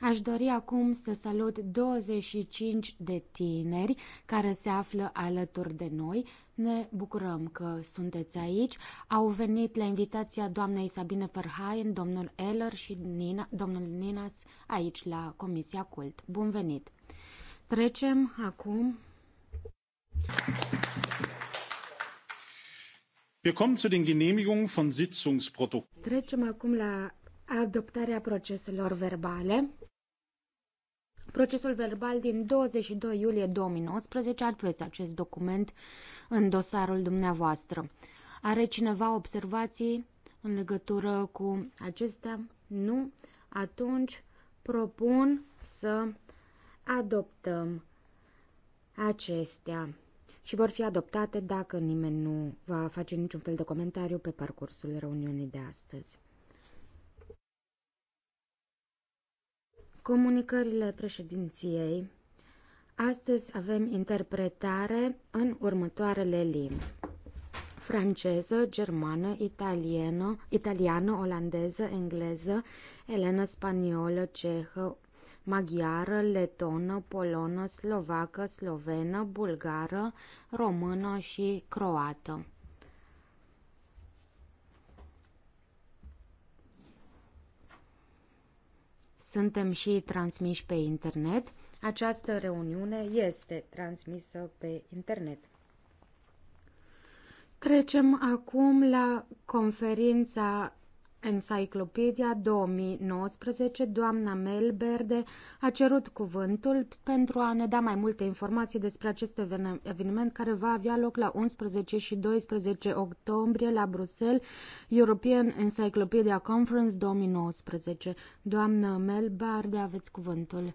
Aș dori acum să salut 25 de tineri care se află alături de noi. Ne bucurăm că sunteți aici. Au venit la invitația doamnei Sabine Ferhain, domnul Eller și Nina, domnul Ninas aici la Comisia Cult. Bun venit! Trecem acum Wir kommen zu den Genehmigungen von Sitzungsprotokollen. Trecem acum la adoptarea proceselor verbale. Procesul verbal din 22 iulie 2019 aveți acest document în dosarul dumneavoastră. Are cineva observații în legătură cu acestea? Nu? Atunci propun să adoptăm acestea și vor fi adoptate dacă nimeni nu va face niciun fel de comentariu pe parcursul reuniunii de astăzi. Comunicările președinției. Astăzi avem interpretare în următoarele limbi. Franceză, germană, italiană, italiană, olandeză, engleză, elenă, spaniolă, cehă, maghiară, letonă, polonă, slovacă, slovenă, bulgară, română și croată. Suntem și transmiși pe internet. Această reuniune este transmisă pe internet. Trecem acum la conferința Enciclopedia 2019, doamna Melberde a cerut cuvântul pentru a ne da mai multe informații despre acest eveniment care va avea loc la 11 și 12 octombrie la Bruxelles, European Encyclopedia Conference 2019. Doamna Melberde, aveți cuvântul.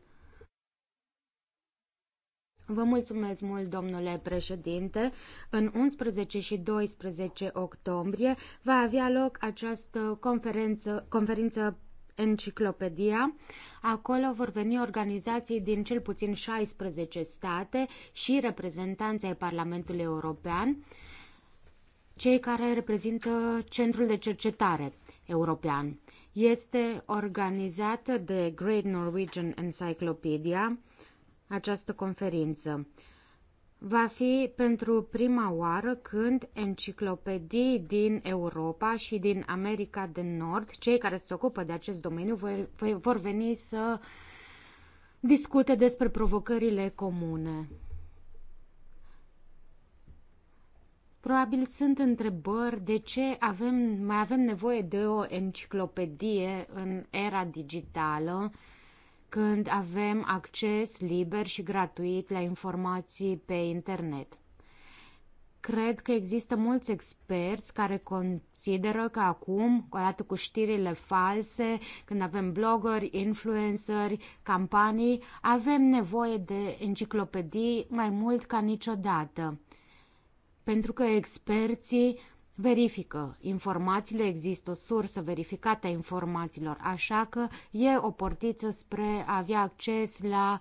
Vă mulțumesc mult, domnule președinte. În 11 și 12 octombrie va avea loc această conferență, conferință Enciclopedia. Acolo vor veni organizații din cel puțin 16 state și reprezentanții ai Parlamentului European, cei care reprezintă Centrul de Cercetare European. Este organizată de Great Norwegian Encyclopedia, această conferință. Va fi pentru prima oară când enciclopedii din Europa și din America de Nord, cei care se ocupă de acest domeniu, vor veni să discute despre provocările comune. Probabil sunt întrebări de ce avem, mai avem nevoie de o enciclopedie în era digitală, uh, când avem acces liber și gratuit la informații pe internet. Cred că există mulți experți care consideră că acum, odată cu știrile false, când avem blogări, influenceri, campanii, avem nevoie de enciclopedii mai mult ca niciodată. Pentru că experții verifică informațiile, există o sursă verificată a informațiilor, așa că e o portiță spre a avea acces la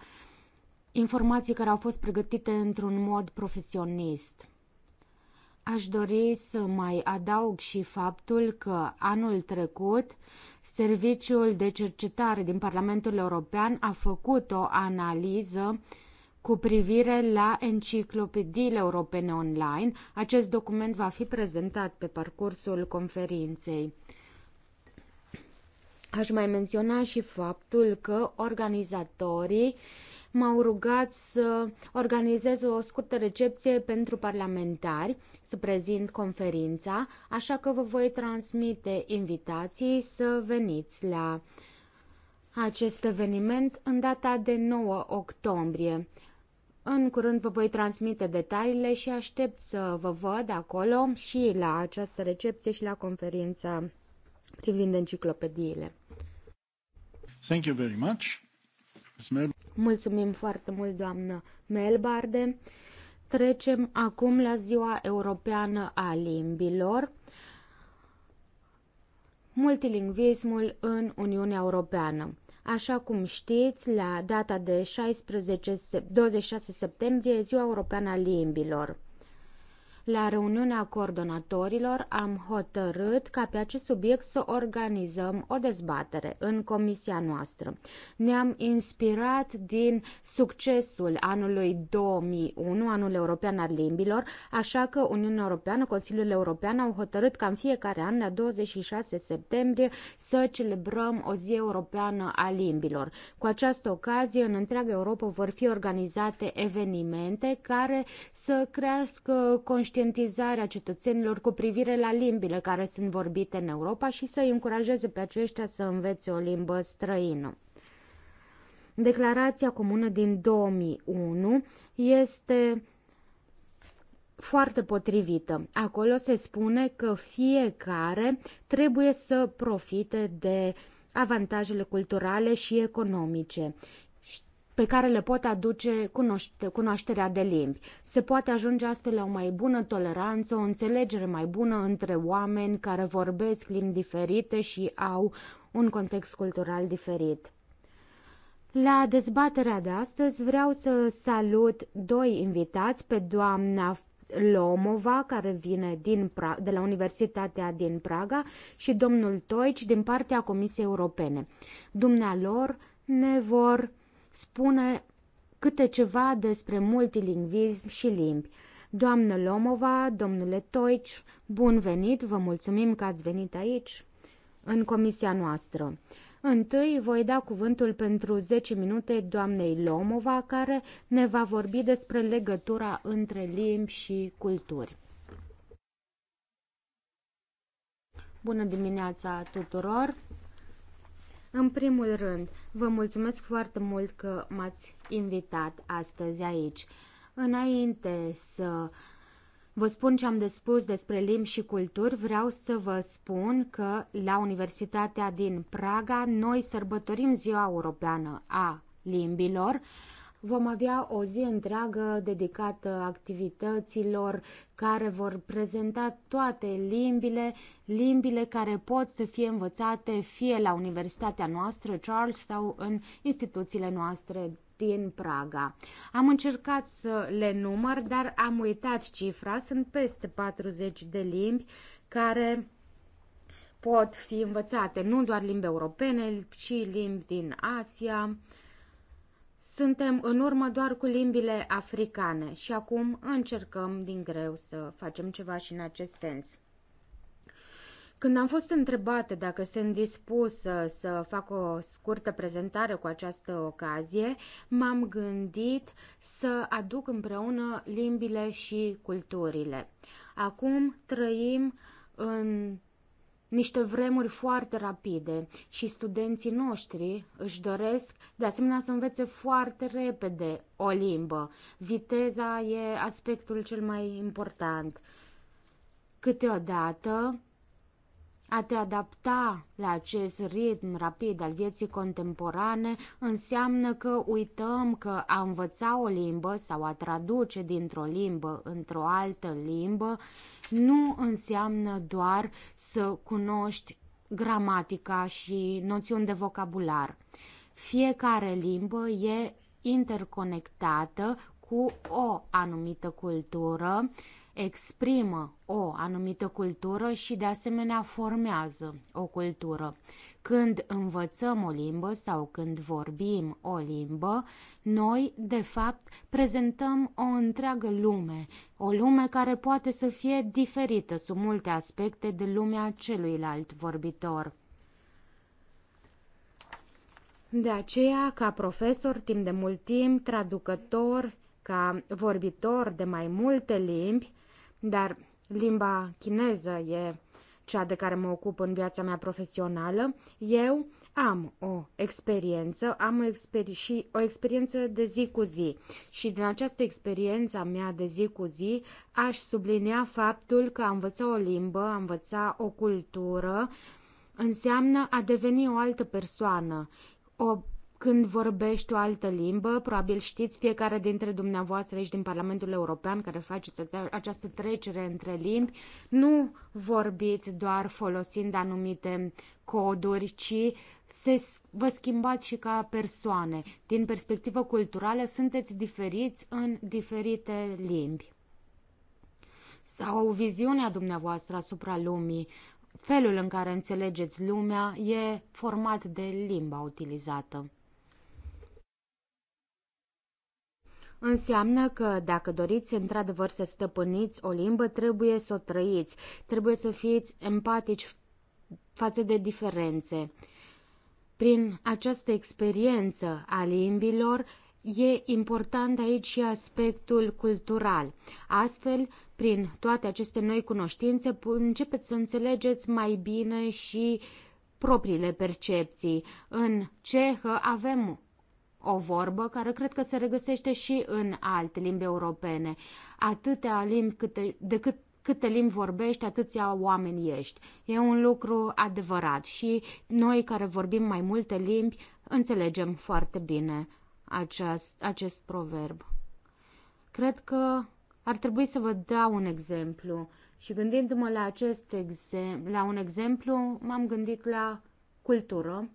informații care au fost pregătite într-un mod profesionist. Aș dori să mai adaug și faptul că anul trecut Serviciul de Cercetare din Parlamentul European a făcut o analiză cu privire la enciclopediile europene online, acest document va fi prezentat pe parcursul conferinței. Aș mai menționa și faptul că organizatorii m-au rugat să organizez o scurtă recepție pentru parlamentari, să prezint conferința, așa că vă voi transmite invitații să veniți la acest eveniment în data de 9 octombrie. În curând vă voi transmite detaliile și aștept să vă văd acolo și la această recepție și la conferința privind enciclopediile. Thank you very much. Mulțumim foarte mult, doamnă Melbarde. Trecem acum la Ziua Europeană a Limbilor. Multilingvismul în Uniunea Europeană. Așa cum știți, la data de 16, 26 septembrie Ziua Europeană a Limbilor. La reuniunea coordonatorilor am hotărât ca pe acest subiect să organizăm o dezbatere în comisia noastră. Ne-am inspirat din succesul anului 2001, anul european al limbilor, așa că Uniunea Europeană, Consiliul European au hotărât ca în fiecare an, la 26 septembrie, să celebrăm o zi europeană a limbilor. Cu această ocazie, în întreaga Europa vor fi organizate evenimente care să crească conștiința conștientizarea cetățenilor cu privire la limbile care sunt vorbite în Europa și să îi încurajeze pe aceștia să învețe o limbă străină. Declarația comună din 2001 este foarte potrivită. Acolo se spune că fiecare trebuie să profite de avantajele culturale și economice pe care le pot aduce cunoașterea de limbi. Se poate ajunge astfel la o mai bună toleranță, o înțelegere mai bună între oameni care vorbesc limbi diferite și au un context cultural diferit. La dezbaterea de astăzi vreau să salut doi invitați pe doamna Lomova, care vine din pra- de la Universitatea din Praga, și domnul Toici din partea Comisiei Europene. Dumnealor ne vor spune câte ceva despre multilingvism și limbi. Doamnă Lomova, domnule Toici, bun venit, vă mulțumim că ați venit aici, în comisia noastră. Întâi voi da cuvântul pentru 10 minute doamnei Lomova, care ne va vorbi despre legătura între limbi și culturi. Bună dimineața tuturor! În primul rând, vă mulțumesc foarte mult că m-ați invitat astăzi aici. Înainte să Vă spun ce am de spus despre limbi și culturi, vreau să vă spun că la Universitatea din Praga noi sărbătorim Ziua Europeană a Limbilor, Vom avea o zi întreagă dedicată activităților care vor prezenta toate limbile, limbile care pot să fie învățate fie la universitatea noastră, Charles, sau în instituțiile noastre din Praga. Am încercat să le număr, dar am uitat cifra. Sunt peste 40 de limbi care pot fi învățate nu doar limbi europene, ci limbi din Asia, suntem în urmă doar cu limbile africane și acum încercăm din greu să facem ceva și în acest sens. Când am fost întrebată dacă sunt dispusă să fac o scurtă prezentare cu această ocazie, m-am gândit să aduc împreună limbile și culturile. Acum trăim în niște vremuri foarte rapide și studenții noștri își doresc de asemenea să învețe foarte repede o limbă. Viteza e aspectul cel mai important. Câteodată a te adapta la acest ritm rapid al vieții contemporane înseamnă că uităm că a învăța o limbă sau a traduce dintr-o limbă într-o altă limbă nu înseamnă doar să cunoști gramatica și noțiuni de vocabular. Fiecare limbă e interconectată cu o anumită cultură exprimă o anumită cultură și de asemenea formează o cultură. Când învățăm o limbă sau când vorbim o limbă, noi, de fapt, prezentăm o întreagă lume, o lume care poate să fie diferită sub multe aspecte de lumea celuilalt vorbitor. De aceea, ca profesor timp de mult timp, traducător, ca vorbitor de mai multe limbi, dar limba chineză e cea de care mă ocup în viața mea profesională, eu am o experiență, am o exper- și o experiență de zi cu zi. Și din această experiență a mea de zi cu zi, aș sublinia faptul că a învăța o limbă, a învăța o cultură, înseamnă a deveni o altă persoană, o când vorbești o altă limbă, probabil știți fiecare dintre dumneavoastră aici din Parlamentul European care faceți această trecere între limbi, nu vorbiți doar folosind anumite coduri, ci se, vă schimbați și ca persoane. Din perspectivă culturală sunteți diferiți în diferite limbi. Sau viziunea dumneavoastră asupra lumii, felul în care înțelegeți lumea e format de limba utilizată. Înseamnă că dacă doriți într-adevăr să stăpâniți o limbă, trebuie să o trăiți, trebuie să fiți empatici față de diferențe. Prin această experiență a limbilor, e important aici și aspectul cultural. Astfel, prin toate aceste noi cunoștințe, începeți să înțelegeți mai bine și propriile percepții. În cehă avem o vorbă care cred că se regăsește și în alte limbi europene. Atâtea limbi câte, decât câte limbi vorbești, atâția oameni ești. E un lucru adevărat și noi care vorbim mai multe limbi înțelegem foarte bine aceast, acest proverb. Cred că ar trebui să vă dau un exemplu. Și gândindu-mă la acest exem- la un exemplu, m-am gândit la cultură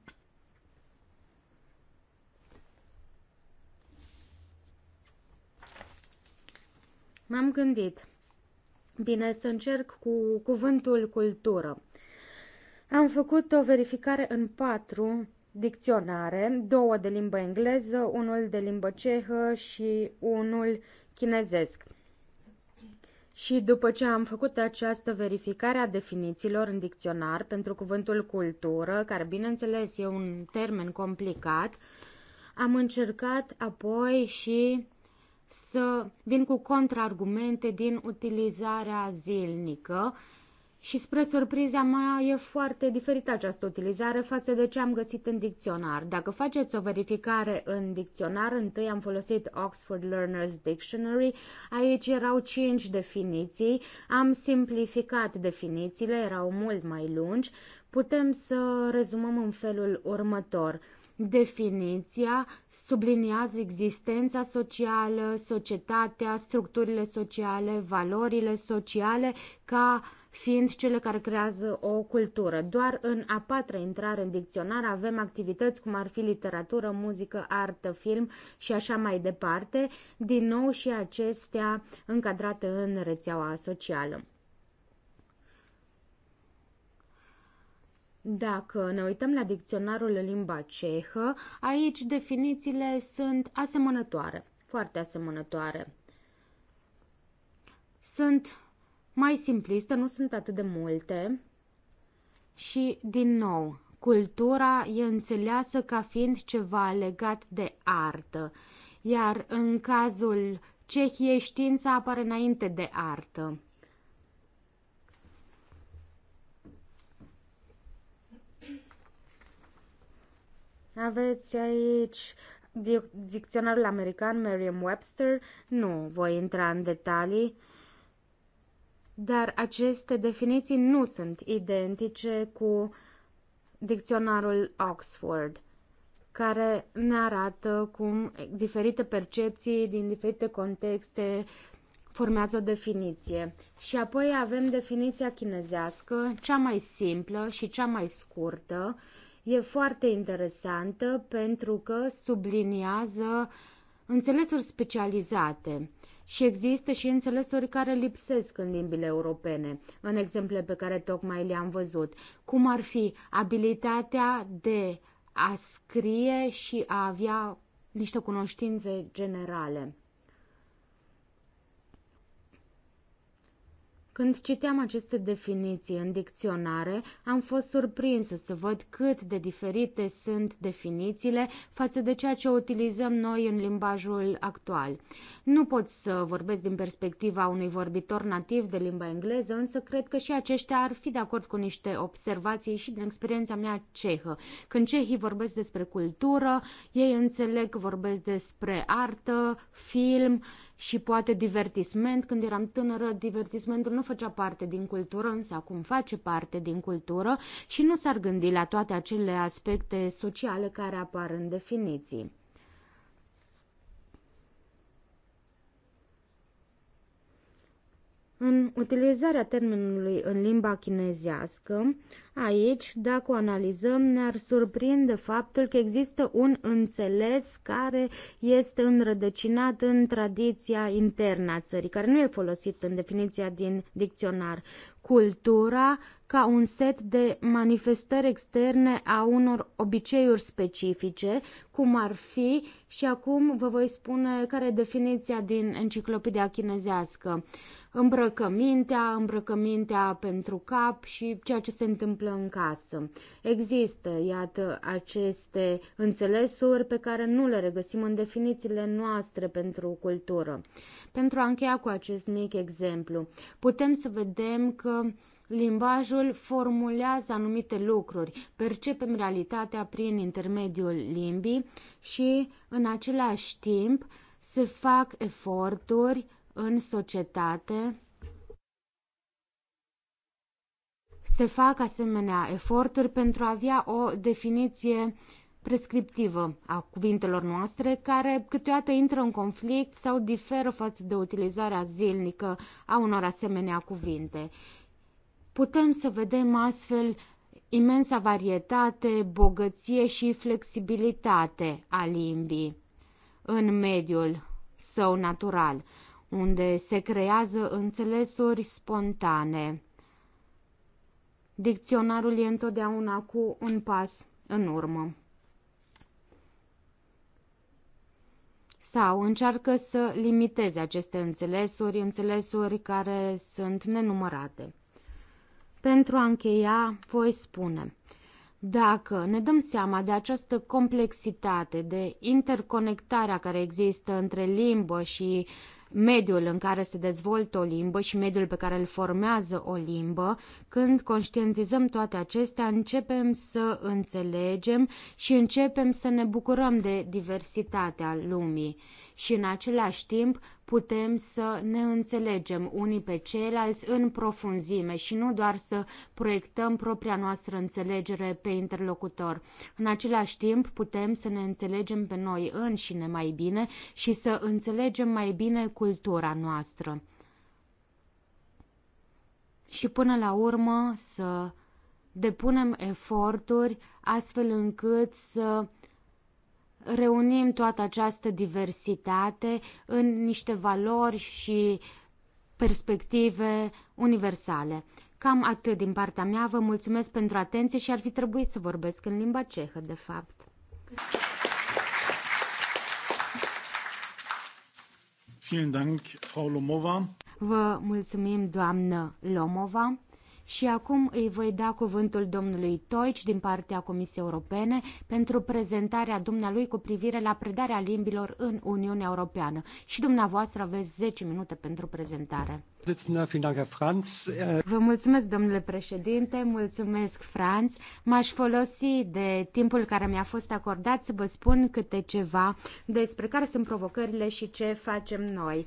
M-am gândit. Bine, să încerc cu cuvântul cultură. Am făcut o verificare în patru dicționare, două de limbă engleză, unul de limbă cehă și unul chinezesc. Și după ce am făcut această verificare a definițiilor în dicționar pentru cuvântul cultură, care bineînțeles e un termen complicat, am încercat apoi și să vin cu contraargumente din utilizarea zilnică și spre surpriza mea e foarte diferită această utilizare față de ce am găsit în dicționar. Dacă faceți o verificare în dicționar, întâi am folosit Oxford Learner's Dictionary, aici erau cinci definiții, am simplificat definițiile, erau mult mai lungi, putem să rezumăm în felul următor – Definiția subliniază existența socială, societatea, structurile sociale, valorile sociale ca fiind cele care creează o cultură. Doar în a patra intrare în dicționar avem activități cum ar fi literatură, muzică, artă, film și așa mai departe, din nou și acestea încadrate în rețeaua socială. Dacă ne uităm la dicționarul în limba cehă, aici definițiile sunt asemănătoare, foarte asemănătoare. Sunt mai simpliste, nu sunt atât de multe. Și, din nou, cultura e înțeleasă ca fiind ceva legat de artă, iar în cazul Cehiei știința apare înainte de artă. Aveți aici dicționarul american Merriam-Webster. Nu voi intra în detalii, dar aceste definiții nu sunt identice cu dicționarul Oxford care ne arată cum diferite percepții din diferite contexte formează o definiție. Și apoi avem definiția chinezească, cea mai simplă și cea mai scurtă, E foarte interesantă pentru că subliniază înțelesuri specializate și există și înțelesuri care lipsesc în limbile europene, în exemple pe care tocmai le-am văzut, cum ar fi abilitatea de a scrie și a avea niște cunoștințe generale. Când citeam aceste definiții în dicționare, am fost surprinsă să văd cât de diferite sunt definițiile față de ceea ce utilizăm noi în limbajul actual. Nu pot să vorbesc din perspectiva unui vorbitor nativ de limba engleză, însă cred că și aceștia ar fi de acord cu niște observații și din experiența mea cehă. Când cehii vorbesc despre cultură, ei înțeleg că vorbesc despre artă, film și poate divertisment. Când eram tânără, divertismentul nu făcea parte din cultură, însă acum face parte din cultură și nu s-ar gândi la toate acele aspecte sociale care apar în definiții. În utilizarea termenului în limba chinezească, aici, dacă o analizăm, ne-ar surprinde faptul că există un înțeles care este înrădăcinat în tradiția internă a țării, care nu e folosit în definiția din dicționar. Cultura ca un set de manifestări externe a unor obiceiuri specifice, cum ar fi, și acum vă voi spune care e definiția din enciclopedia chinezească îmbrăcămintea, îmbrăcămintea pentru cap și ceea ce se întâmplă în casă. Există, iată, aceste înțelesuri pe care nu le regăsim în definițiile noastre pentru cultură. Pentru a încheia cu acest mic exemplu, putem să vedem că limbajul formulează anumite lucruri, percepem realitatea prin intermediul limbii și, în același timp, se fac eforturi în societate se fac asemenea eforturi pentru a avea o definiție prescriptivă a cuvintelor noastre, care câteodată intră în conflict sau diferă față de utilizarea zilnică a unor asemenea cuvinte. Putem să vedem astfel imensa varietate, bogăție și flexibilitate a limbii în mediul său natural unde se creează înțelesuri spontane. Dicționarul e întotdeauna cu un pas în urmă. Sau încearcă să limiteze aceste înțelesuri, înțelesuri care sunt nenumărate. Pentru a încheia, voi spune, dacă ne dăm seama de această complexitate, de interconectarea care există între limbă și uh, mediul în care se dezvoltă o limbă și mediul pe care îl formează o limbă, când conștientizăm toate acestea, începem să înțelegem și începem să ne bucurăm de diversitatea lumii și în același timp putem să ne înțelegem unii pe ceilalți în profunzime și nu doar să proiectăm propria noastră înțelegere pe interlocutor. În același timp, putem să ne înțelegem pe noi înșine mai bine și să înțelegem mai bine cultura noastră. Și până la urmă să depunem eforturi astfel încât să reunim toată această diversitate în niște valori și perspective universale. Cam atât din partea mea, vă mulțumesc pentru atenție și ar fi trebuit să vorbesc în limba cehă, de fapt. Vielen Dank, Frau Lomova. Vă mulțumim, doamnă Lomova. Și acum îi voi da cuvântul domnului Toici din partea Comisiei Europene pentru prezentarea dumnealui cu privire la predarea limbilor în Uniunea Europeană. Și dumneavoastră aveți 10 minute pentru prezentare. Vă mulțumesc, domnule președinte, mulțumesc, Franz. M-aș folosi de timpul care mi-a fost acordat să vă spun câte ceva despre care sunt provocările și ce facem noi.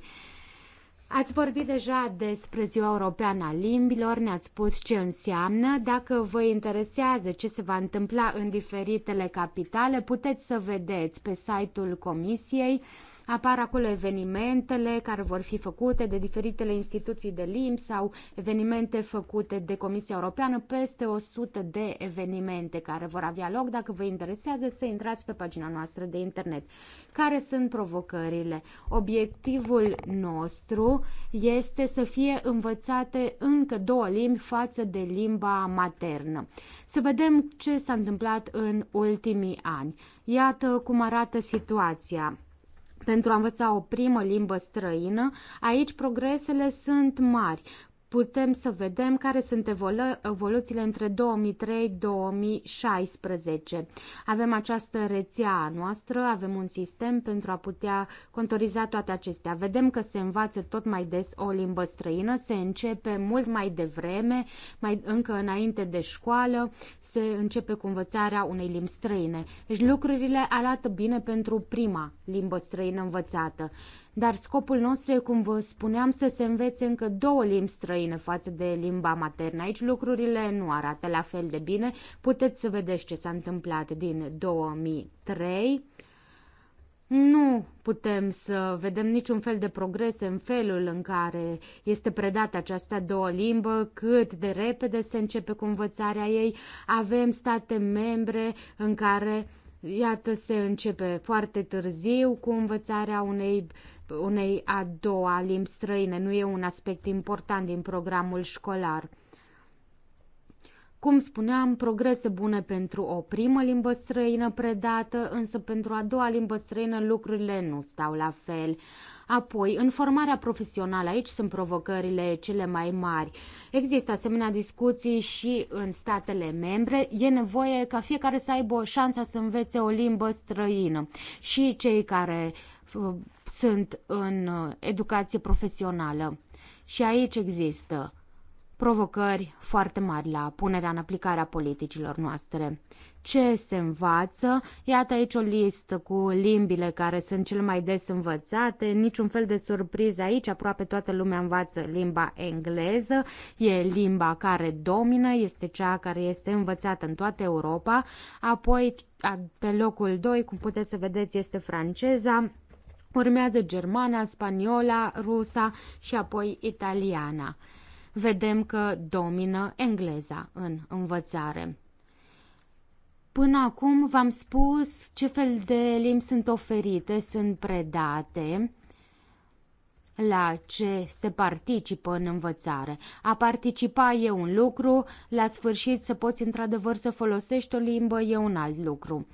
Ați vorbit deja despre Ziua Europeană a Limbilor, ne-ați spus ce înseamnă. Dacă vă interesează ce se va întâmpla în diferitele capitale, puteți să vedeți pe site-ul Comisiei uh, Apar acolo evenimentele care vor fi făcute de diferitele instituții de limbi sau evenimente făcute de Comisia Europeană, peste 100 de evenimente care vor avea loc. Dacă vă interesează, să intrați pe pagina noastră de internet. Care sunt provocările? Obiectivul nostru este să fie învățate încă două limbi față de limba maternă. Să vedem ce s-a întâmplat în ultimii ani. Iată cum arată situația pentru a învăța o primă limbă străină, aici progresele sunt mari, putem să vedem care sunt evoluțiile între 2003-2016. Avem această rețea noastră, avem un sistem pentru a putea contoriza toate acestea. Vedem că se învață tot mai des o limbă străină, se începe mult mai devreme, mai încă înainte de școală, se începe cu învățarea unei limbi străine. Deci lucrurile arată bine pentru prima limbă străină învățată. Dar scopul nostru e, cum vă spuneam, să se învețe încă două limbi străine față de limba maternă. Aici lucrurile nu arată la fel de bine. Puteți să vedeți ce s-a întâmplat din 2003. Nu putem să vedem niciun fel de progres în felul în care este predată această două limbă, cât de repede se începe cu învățarea ei. Avem state membre în care, iată, se începe foarte târziu cu învățarea unei uh, unei a doua limbi străine. Nu e un aspect important din programul școlar. Cum spuneam, progrese bune pentru o primă limbă străină predată, însă pentru a doua limbă străină lucrurile nu stau la fel. Apoi, în formarea profesională, aici sunt provocările cele mai mari. Există asemenea discuții și în statele membre. E nevoie ca fiecare să aibă șansa să învețe o limbă străină. Și cei care uh, sunt în uh, educație profesională. Și aici există provocări foarte mari la punerea în aplicare a politicilor noastre. Ce se învață? Iată aici o listă cu limbile care sunt cel mai des învățate, niciun fel de surpriză aici, aproape toată lumea învață limba engleză, e limba care domină, este cea care este învățată în toată Europa, apoi pe locul 2, cum puteți să vedeți, este franceza, Urmează germana, spaniola, rusa și apoi italiana. Vedem că domină engleza în învățare. Până acum v-am spus ce fel de limbi sunt oferite, sunt predate, la ce se participă în învățare. A participa e un lucru, la sfârșit să poți într-adevăr să folosești o limbă e un alt lucru.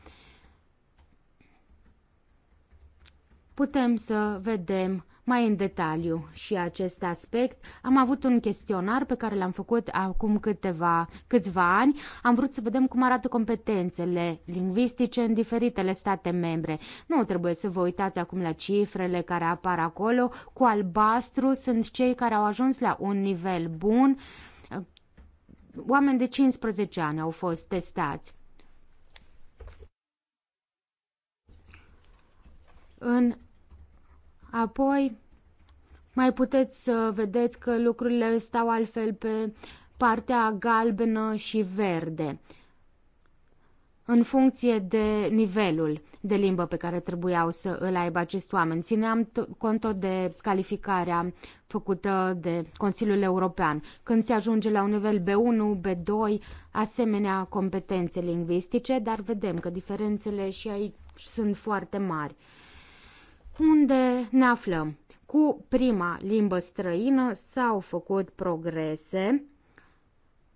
putem să vedem mai în detaliu și acest aspect. Am avut un chestionar pe care l-am făcut acum câteva, câțiva ani. Am vrut să vedem cum arată competențele lingvistice în diferitele state membre. Nu trebuie să vă uitați acum la cifrele care apar acolo. Cu albastru sunt cei care au ajuns la un nivel bun. Oameni de 15 ani au fost testați. în apoi mai puteți să vedeți că lucrurile stau altfel pe partea galbenă și verde în funcție de nivelul de limbă pe care trebuiau să îl aibă acest oameni. Țineam cont de calificarea făcută de Consiliul European. Când se ajunge la un nivel B1, B2, asemenea competențe lingvistice, dar vedem că diferențele și aici sunt foarte mari unde ne aflăm. Cu prima limbă străină s-au făcut progrese.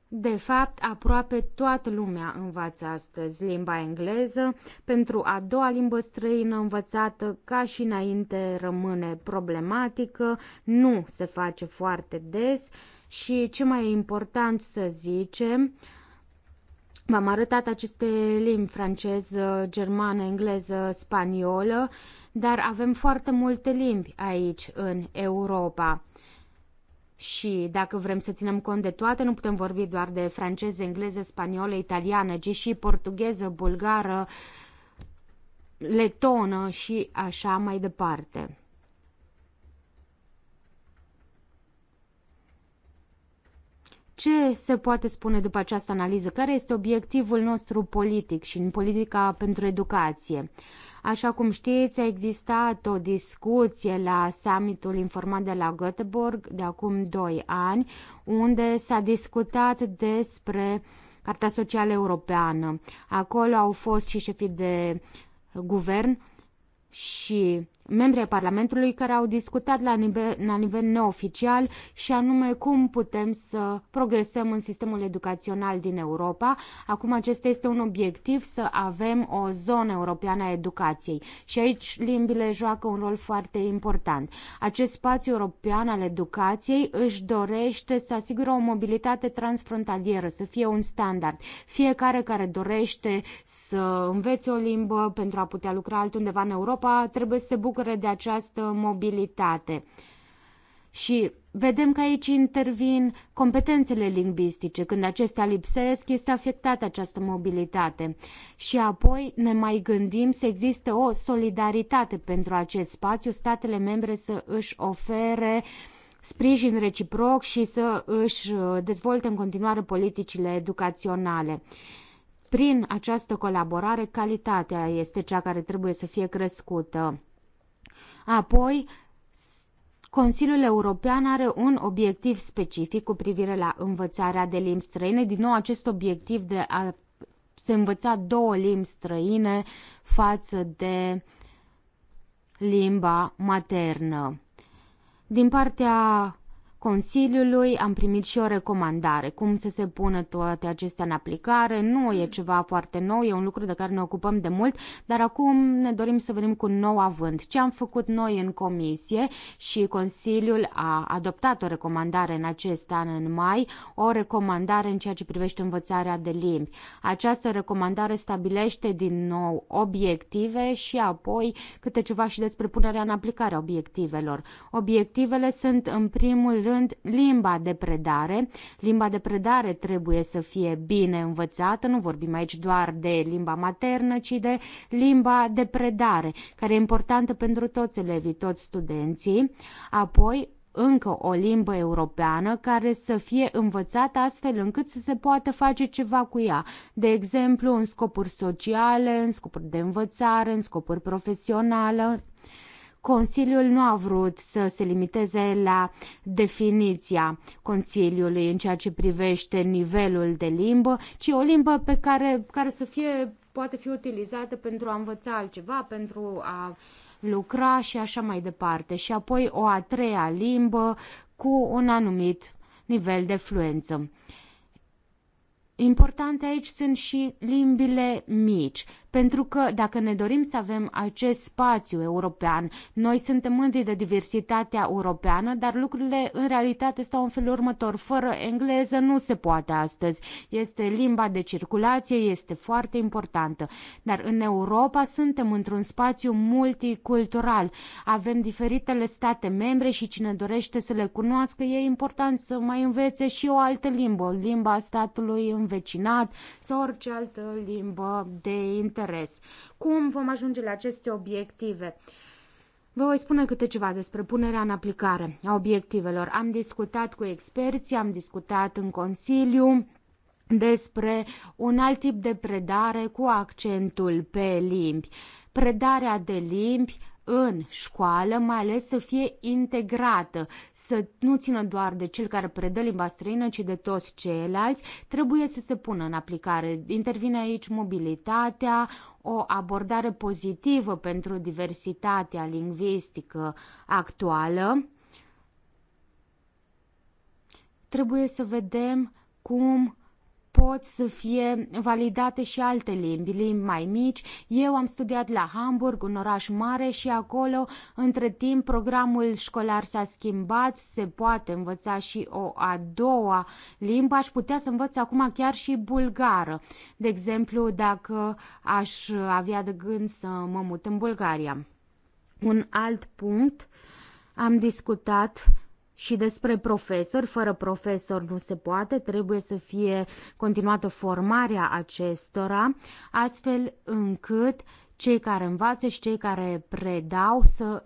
De fapt, aproape toată lumea învață astăzi limba engleză. Pentru a doua limbă străină învățată, ca și înainte, rămâne problematică, nu se face foarte des și ce mai e important să zicem, v-am arătat aceste limbi franceză, germană, engleză, spaniolă dar avem foarte multe limbi aici, în Europa. Și dacă vrem să ținem cont de toate, nu putem vorbi doar de franceză, engleză, spaniolă, italiană, ci și portugheză, bulgară, letonă și așa mai departe. Ce se poate spune după această analiză? Care este obiectivul nostru politic și în politica pentru educație? Așa cum știți, a existat o discuție la summitul informat de la Göteborg de acum 2 ani, unde s-a discutat despre Carta Socială Europeană. Acolo au fost și șefii de guvern și membri ai Parlamentului care au discutat la nivel, la nivel neoficial și anume cum putem să progresăm în sistemul educațional din Europa. Acum acesta este un obiectiv să avem o zonă europeană a educației și aici limbile joacă un rol foarte important. Acest spațiu european al educației își dorește să asigure o mobilitate transfrontalieră, să fie un standard. Fiecare care dorește să învețe o limbă pentru a putea lucra altundeva în Europa trebuie să se bucure bucură de această mobilitate. Și vedem că aici intervin competențele lingvistice. Când acestea lipsesc, este afectată această mobilitate. Și apoi ne mai gândim să existe o solidaritate pentru acest spațiu, statele membre să își ofere sprijin reciproc și să își uh, dezvolte în continuare politicile educaționale. Prin această colaborare, calitatea este cea care trebuie să fie crescută. Apoi, Consiliul European are un obiectiv specific cu privire la învățarea de limbi străine. Din nou, acest obiectiv de a se învăța două limbi străine față de limba maternă. Din partea Consiliului, am primit și o recomandare, cum să se pună toate acestea în aplicare. Nu e ceva foarte nou, e un lucru de care ne ocupăm de mult, dar acum ne dorim să venim cu un nou avânt. Ce am făcut noi în comisie și Consiliul a adoptat o recomandare în acest an, în mai, o recomandare în ceea ce privește învățarea de limbi. Această recomandare stabilește din nou obiective și apoi câte ceva și despre punerea în aplicare a obiectivelor. Obiectivele sunt în primul rând rând, limba de predare. Limba de predare trebuie să fie bine învățată, nu vorbim aici doar de limba maternă, ci de limba de predare, care e importantă pentru toți elevii, toți studenții. Apoi, încă o limbă europeană care să fie învățată astfel încât să se poată face ceva cu ea, de exemplu în scopuri sociale, în scopuri de învățare, în scopuri profesionale, Consiliul nu a vrut să se limiteze la definiția Consiliului în ceea ce privește nivelul de limbă, ci o limbă pe care, care să fie, poate fi utilizată pentru a învăța altceva, pentru a lucra și așa mai departe. Și apoi o a treia limbă cu un anumit nivel de fluență. Importante aici sunt și limbile mici, pentru că dacă ne dorim să avem acest spațiu european, noi suntem mândri de diversitatea europeană, dar lucrurile în realitate stau în felul următor. Fără engleză nu se poate astăzi. Este limba de circulație, este foarte importantă. Dar în Europa suntem într-un spațiu multicultural. Avem diferitele state membre și cine dorește să le cunoască, e important să mai învețe și o altă limbă, limba statului învecinat sau orice altă limbă de inter interes. Cum vom ajunge la aceste obiective? Vă voi spune câte ceva despre punerea în aplicare a obiectivelor. Am discutat cu experții, am discutat în Consiliu despre un alt tip de predare cu accentul pe limbi. Predarea de limbi în școală, mai ales să fie integrată, să nu țină doar de cel care predă limba străină, ci de toți ceilalți, trebuie să se pună în aplicare. Intervine aici mobilitatea, o abordare pozitivă pentru diversitatea lingvistică actuală. Trebuie să vedem cum pot să fie validate și alte limbi, limbi mai mici. Eu am studiat la Hamburg, un oraș mare și acolo, între timp, programul școlar s-a schimbat, se poate învăța și o a doua limbă. Aș putea să învăț acum chiar și bulgară. De exemplu, dacă aș avea de gând să mă mut în Bulgaria. Un alt punct am discutat și despre profesori. Fără profesori nu se poate, trebuie să fie continuată formarea acestora, astfel încât cei care învață și cei care predau să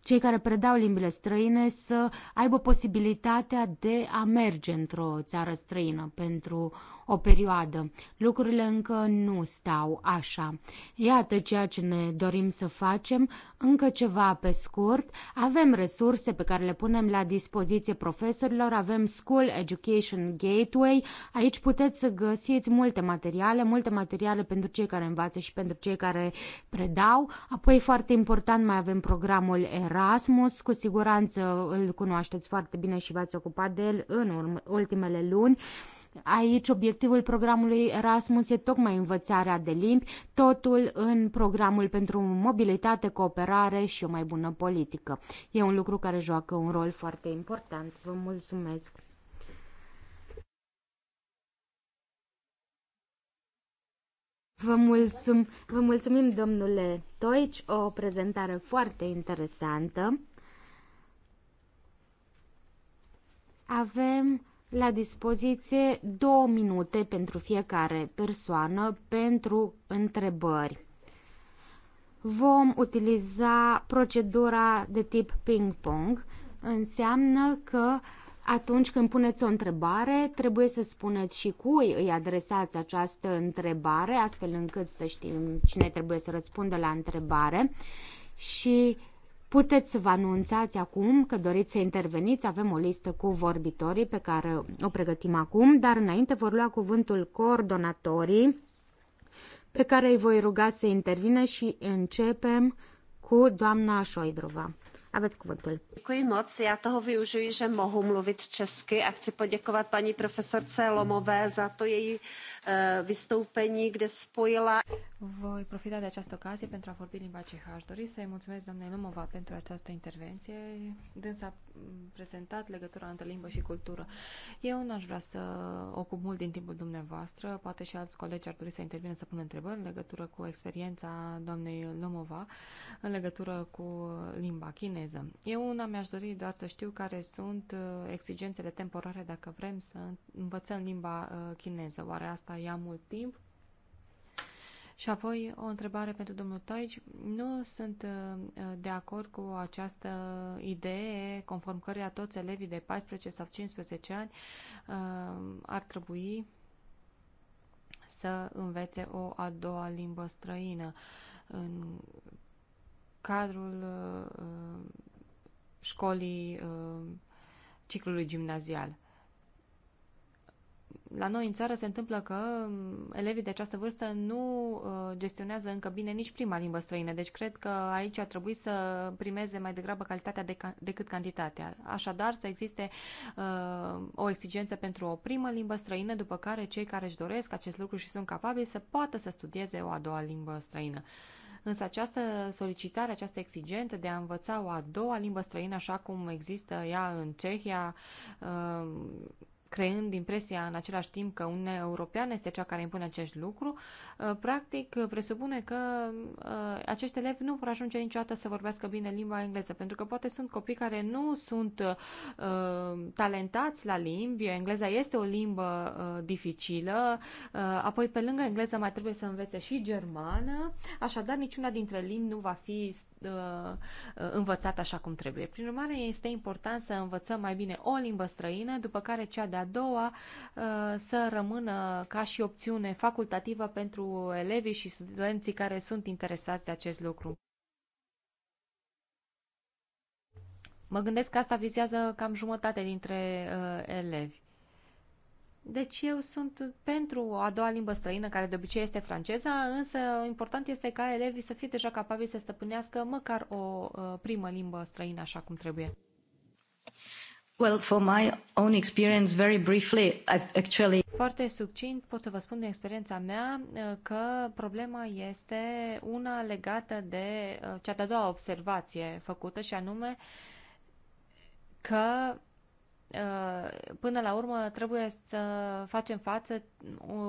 cei care predau limbile străine să aibă posibilitatea de a merge într-o țară străină pentru o perioadă. Lucrurile încă nu stau așa. Iată ceea ce ne dorim să facem, încă ceva pe scurt. Avem resurse pe care le punem la dispoziție profesorilor, avem School Education Gateway. Aici puteți să găsiți multe materiale, multe materiale pentru cei care învață și pentru cei care predau. Apoi, foarte important, mai avem programul Erasmus. Cu siguranță îl cunoașteți foarte bine și v-ați ocupat de el în ultimele luni. Aici obiectivul programului Erasmus e tocmai învățarea de limbi, totul în programul pentru mobilitate, cooperare și o mai bună politică. E un lucru care joacă un rol foarte important. Vă mulțumesc! Vă, mulțum, vă mulțumim, domnule Toici, o prezentare foarte interesantă. Avem la dispoziție două minute pentru fiecare persoană pentru întrebări. Vom utiliza procedura de tip ping-pong. Înseamnă că atunci când puneți o întrebare, trebuie să spuneți și cui îi adresați această întrebare, astfel încât să știm cine trebuie să răspundă la întrebare. Și Puteți să vă anunțați acum că doriți să interveniți, avem o listă cu vorbitorii pe care o pregătim acum, dar înainte vor lua cuvântul coordonatorii pe care îi voi ruga să intervină și începem cu doamna Șoidrova. Aveți cuvântul. Děkuji moc. Já toho využiji, že mohu mluvit česky a chci poděkovat paní profesorce Lomové za to její eh, vystoupení, kde spojila. Voi profita de această ocazie pentru a vorbi limba cehă. Aș dori să-i mulțumesc doamnei Lomova pentru această intervenție. Dânsa prezentat legătura între limbă și cultură. Eu n-aș vrea să ocup mult din timpul dumneavoastră, poate și alți colegi ar dori să intervină să pună întrebări în legătură cu experiența doamnei Lomova în legătură cu limba chineză. Eu una mi-aș dori doar să știu care sunt uh, exigențele temporare dacă vrem să învățăm limba uh, chineză. Oare asta ia mult timp? Și apoi o întrebare pentru domnul Toici. Nu sunt uh, de acord cu această idee conform căreia toți elevii de 14 sau 15 ani uh, ar trebui să învețe o a doua limbă străină. În cadrul uh, școlii ciclului gimnazial la noi în țară se întâmplă că mm, elevii de această vârstă nu uh, gestionează încă bine nici prima limbă străină, deci cred că aici ar trebui să primeze mai degrabă calitatea decât cantitatea. Așadar, să existe uh, o exigență pentru o primă limbă străină, după care cei care își doresc acest lucru și sunt capabili să poată să studieze o a doua limbă străină. Însă această solicitare, această exigență de a învăța o a doua limbă străină, așa cum există ea în Cehia, uh, creând impresia în același timp că Uniunea Europeană este cea care impune acest lucru, uh, practic uh, presupune că uh, acești elevi nu vor ajunge niciodată să vorbească bine limba engleză, pentru că poate sunt copii care nu sunt uh, talentați la limbi, engleza este o limbă uh, dificilă, uh, apoi pe lângă engleză mai trebuie să învețe și germană, așadar niciuna dintre limbi nu va fi învățată așa cum trebuie. Prin urmare, este important să învățăm mai bine o limbă străină, după care cea de a doua uh, să rămână ca și opțiune facultativă pentru elevii și studenții care sunt interesați de acest lucru. Mă gândesc că asta vizează cam jumătate dintre uh, elevi. Deci eu sunt pentru a doua limbă străină, care de obicei este franceza, însă important este ca elevii să fie deja capabili să stăpânească măcar o uh, primă limbă străină așa cum trebuie. Well, for my own experience, very briefly, actually... Foarte succint pot să vă spun din experiența mea uh, că problema este una legată de uh, cea de-a doua observație făcută și anume că Uh, până la urmă trebuie să facem față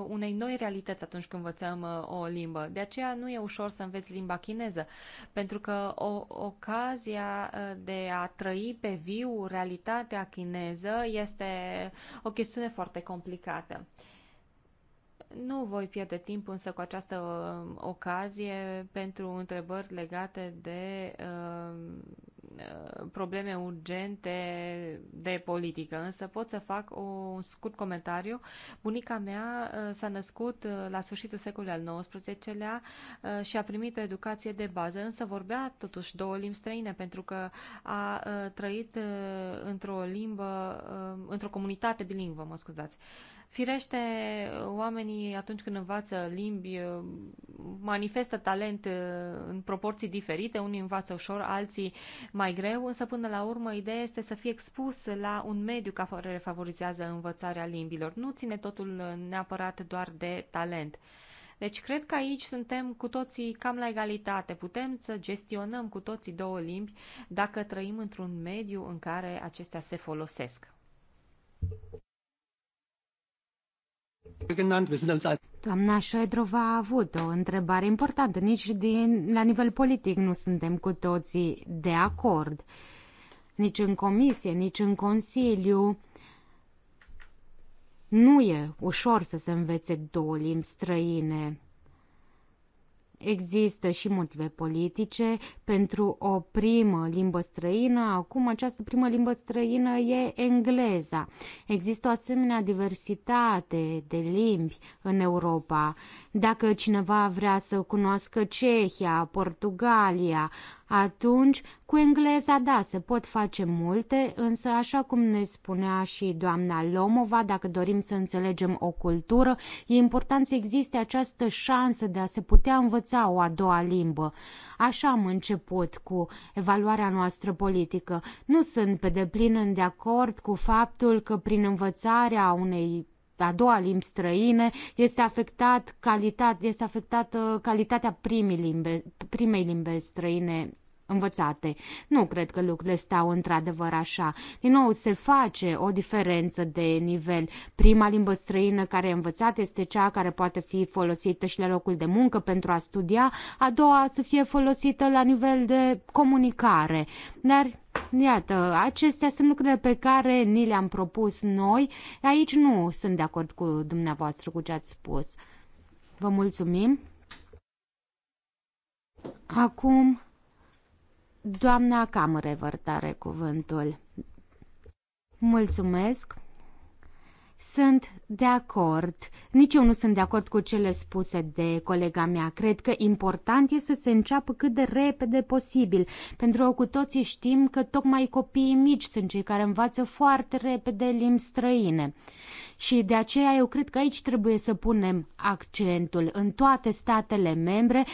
unei noi realități atunci când învățăm uh, o limbă. De aceea nu e ușor să înveți limba chineză, pentru că o, ocazia uh, de a trăi pe viu realitatea chineză este o chestiune foarte complicată. Uh, nu voi pierde timp însă cu această uh, ocazie pentru întrebări legate de uh, uh, probleme urgente de politică, însă pot să fac un scurt comentariu. Bunica mea uh, s-a născut la sfârșitul secolului al XIX-lea și a primit o educație de bază, însă vorbea totuși două limbi străine pentru că a trăit într-o limbă, într-o comunitate bilingvă, mă scuzați. Uh, Firește, oamenii atunci când învață limbi uh, manifestă talent uh, în proporții diferite, unii învață ușor, alții mai greu, însă până la urmă ideea este să fie expus la un mediu care favorizează învățarea limbilor. Nu ține totul uh, neapărat doar de talent. Deci cred că aici suntem cu toții cam la egalitate. Putem să gestionăm cu toții două limbi dacă trăim într-un mediu în care acestea se folosesc. Doamna Șoedrova a avut o întrebare importantă. Nici din, la nivel politic nu suntem cu toții de acord. Nici în comisie, nici în Consiliu. Nu e ușor să se învețe două limbi străine. Există și motive politice pentru o primă limbă străină. Acum această primă limbă străină e engleza. Există o asemenea diversitate de limbi în Europa. Dacă cineva vrea să cunoască Cehia, Portugalia, atunci, cu engleza, da, se pot face multe, însă, așa cum ne spunea și doamna Lomova, dacă dorim să înțelegem o cultură, e important să existe această șansă de a se putea învăța o a doua limbă. Așa am început cu evaluarea noastră politică. Nu sunt pe deplin în de acord cu faptul că prin învățarea unei a doua limbi străine, este, afectat calitate, este afectată calitatea primii limbe, primei limbe străine învățate. Nu cred că lucrurile stau într-adevăr așa. Din nou, se face o diferență de nivel. Prima limbă străină care e învățată este cea care poate fi folosită și la locul de muncă pentru a studia, a doua să fie folosită la nivel de comunicare. Dar Iată, acestea sunt lucrurile pe care ni le-am propus noi. Aici nu sunt de acord cu dumneavoastră, cu ce ați spus. Vă mulțumim. Acum Doamna Camrevărt are cuvântul. Mulțumesc. Sunt de acord. Nici eu nu sunt de acord cu cele spuse de colega mea. Cred că important e să se înceapă cât de repede posibil, pentru că cu toții știm că tocmai copiii mici sunt cei care învață foarte repede limbi străine. Și de aceea eu cred că aici trebuie să punem accentul în toate statele membre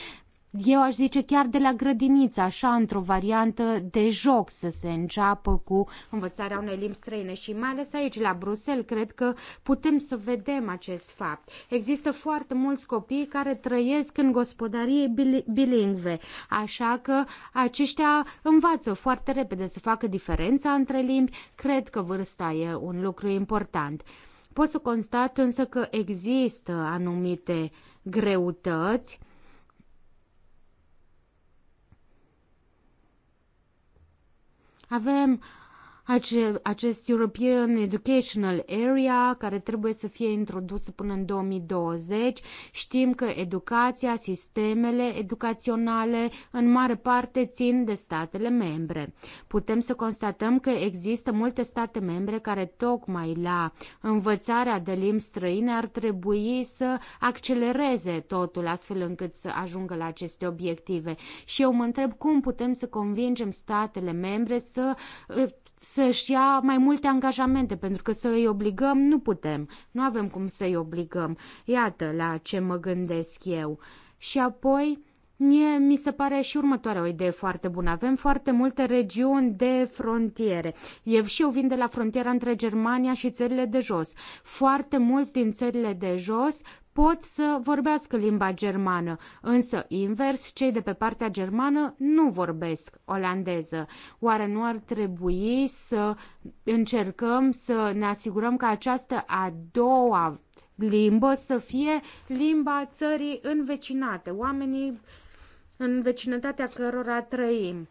eu aș zice chiar de la grădiniță, așa într-o variantă de joc să se înceapă cu învățarea unei limbi străine și mai ales aici la Bruxelles cred că putem să vedem acest fapt. Există foarte mulți copii care trăiesc în gospodărie bilingve, așa că aceștia învață foarte repede să facă diferența între limbi, cred că vârsta e un lucru important. Pot să constat însă că există anumite greutăți Avem ace, acest European Educational Area care trebuie să fie introdusă până în 2020. Știm că educația, sistemele educaționale în mare parte țin de statele membre. Putem să constatăm că există multe state membre care tocmai la învățarea de limbi străine ar trebui să accelereze totul astfel încât să ajungă la aceste obiective. Și eu mă întreb cum putem să convingem statele membre să să-și ia mai multe angajamente, pentru că să îi obligăm nu putem, nu avem cum să-i obligăm. Iată la ce mă gândesc eu. Și apoi, Mie mi se pare și următoarea o idee foarte bună. Avem foarte multe regiuni de frontiere. Eu și eu vin de la frontiera între Germania și țările de jos. Foarte mulți din țările de jos pot să vorbească limba germană, însă invers, cei de pe partea germană nu vorbesc olandeză. Oare nu ar trebui să încercăm să ne asigurăm că această a doua limbă să fie limba țării învecinate, oamenii în vecinătatea cărora trăim?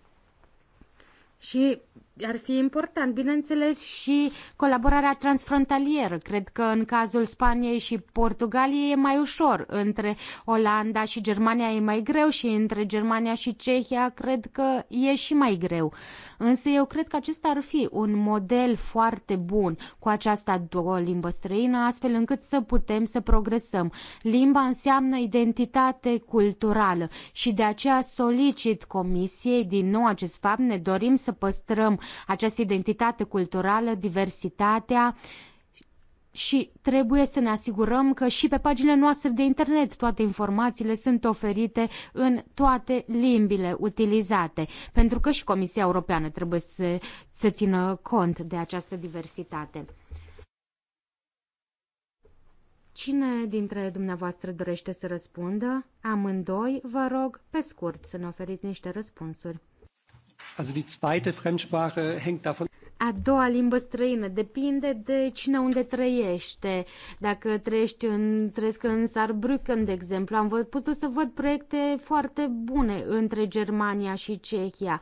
Și ar fi important, bineînțeles, și colaborarea transfrontalieră. Cred că în cazul Spaniei și Portugaliei e mai ușor. Între Olanda și Germania e mai greu și între Germania și Cehia cred că e și mai greu. Însă eu cred că acesta ar fi un model foarte bun cu această două limbă străină, astfel încât să putem să progresăm. Limba înseamnă identitate culturală și de aceea solicit Comisiei din nou acest fapt. Ne dorim să păstrăm această identitate culturală, diversitatea și trebuie să ne asigurăm că și pe paginile noastre de internet toate informațiile sunt oferite în toate limbile utilizate, pentru că și Comisia Europeană trebuie să, să țină cont de această diversitate. Cine dintre dumneavoastră dorește să răspundă? Amândoi, vă rog, pe scurt, să ne oferiți niște răspunsuri. Also die zweite Fremdsprache hängt davon a doua limbă străină. Depinde de cine unde trăiește. Dacă trăiești în, trăiesc în Sarbrücken, de exemplu, am putut să văd proiecte foarte bune între Germania și Cehia,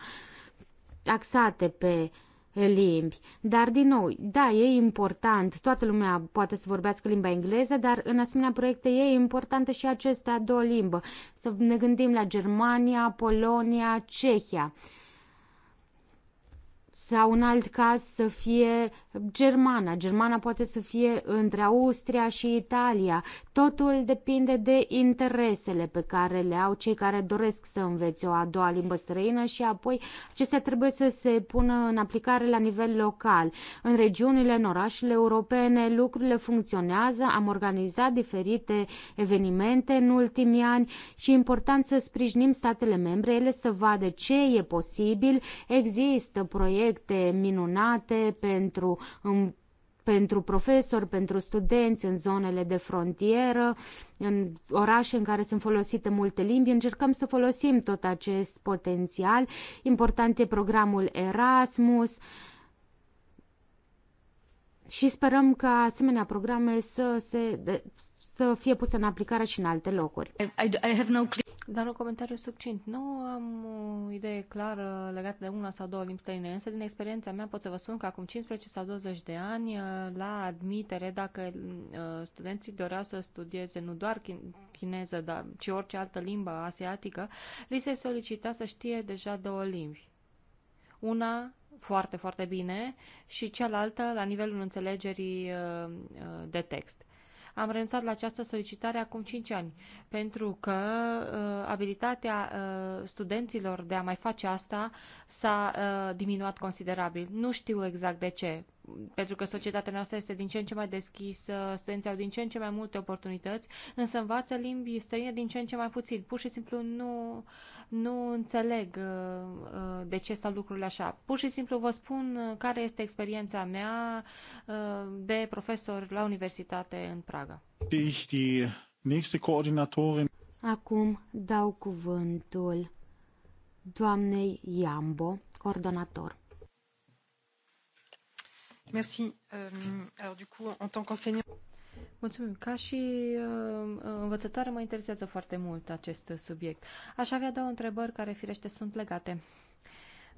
axate pe limbi. Dar, din nou, da, e important. Toată lumea poate să vorbească limba engleză, dar în asemenea proiecte e importantă și acestea două limbă. Să ne gândim la Germania, Polonia, Cehia sau în alt caz să fie germana. Germana poate să fie între Austria și Italia. Totul depinde de interesele pe care le au cei care doresc să învețe o a doua limbă străină și apoi acestea trebuie să se pună în aplicare la nivel local. În regiunile, în orașele europene, lucrurile funcționează. Am organizat diferite evenimente în ultimii ani și e important să sprijinim statele membre, ele să vadă ce e posibil. Există proiecte proiecte minunate pentru pentru profesori, pentru studenți în zonele de frontieră, în orașe în care sunt folosite multe limbi. Încercăm să folosim tot acest potențial. Important e programul Erasmus și sperăm că asemenea programe să se să fie pusă în aplicare și în alte locuri. I, I have no... Dar un comentariu succint. Nu am o idee clară legată de una sau două limbi străine, însă din experiența mea pot să vă spun că acum 15 sau 20 de ani, uh, la admitere, dacă uh, studenții doreau să studieze nu doar chineză, dar, ci orice altă limbă asiatică, li se solicita să știe deja două limbi. Una foarte, foarte bine și cealaltă la nivelul înțelegerii uh, de text am renunțat la această solicitare acum 5 ani, pentru că uh, abilitatea uh, studenților de a mai face asta s-a uh, diminuat considerabil. Nu știu exact de ce pentru că societatea noastră este din ce în ce mai deschisă, studenții au din ce în ce mai multe oportunități, însă învață limbi străine din ce în ce mai puțin. Pur și simplu nu, nu înțeleg uh, uh, de ce stau lucrurile așa. Pur și simplu vă spun uh, care este experiența mea de profesor la universitate în Praga. Acum dau cuvântul doamnei Iambo, coordonator. Merci. Euh, alors, du coup, en tant qu'enseignant... Mulțumim. Ca și uh, învățătoare mă interesează foarte mult acest subiect. Aș avea două întrebări care, firește, sunt legate.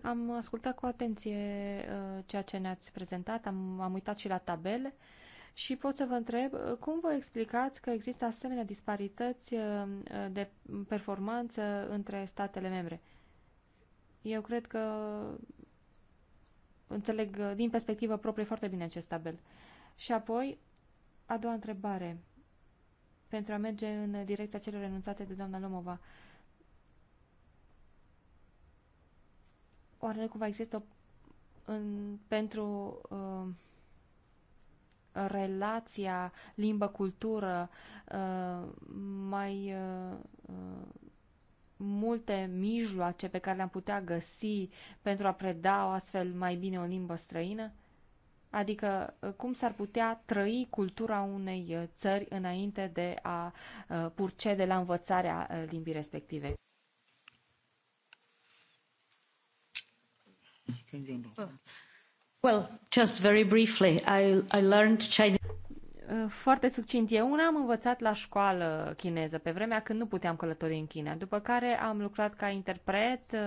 Am ascultat cu atenție uh, ceea ce ne-ați prezentat, am, am uitat și la tabele și pot să vă întreb uh, cum vă explicați că există asemenea disparități uh, de performanță între statele membre? Eu cred că înțeleg uh, din perspectivă proprie foarte bine acest tabel. Și apoi, a doua întrebare, pentru a merge în direcția celor renunțate de doamna Lomova. Oare nu cumva există în, pentru uh, relația limbă-cultură uh, mai uh, uh multe mijloace pe care le-am putea găsi pentru a preda o astfel mai bine o limbă străină? Adică uh, cum s-ar putea trăi cultura unei uh, țări înainte de a uh, purcede la învățarea limbii respective? Well, just very briefly, I, I learned Chinese. Eh, foarte succint. Eu una am învățat la școală chineză, pe vremea când nu puteam călători în China, după care am lucrat ca interpret eh,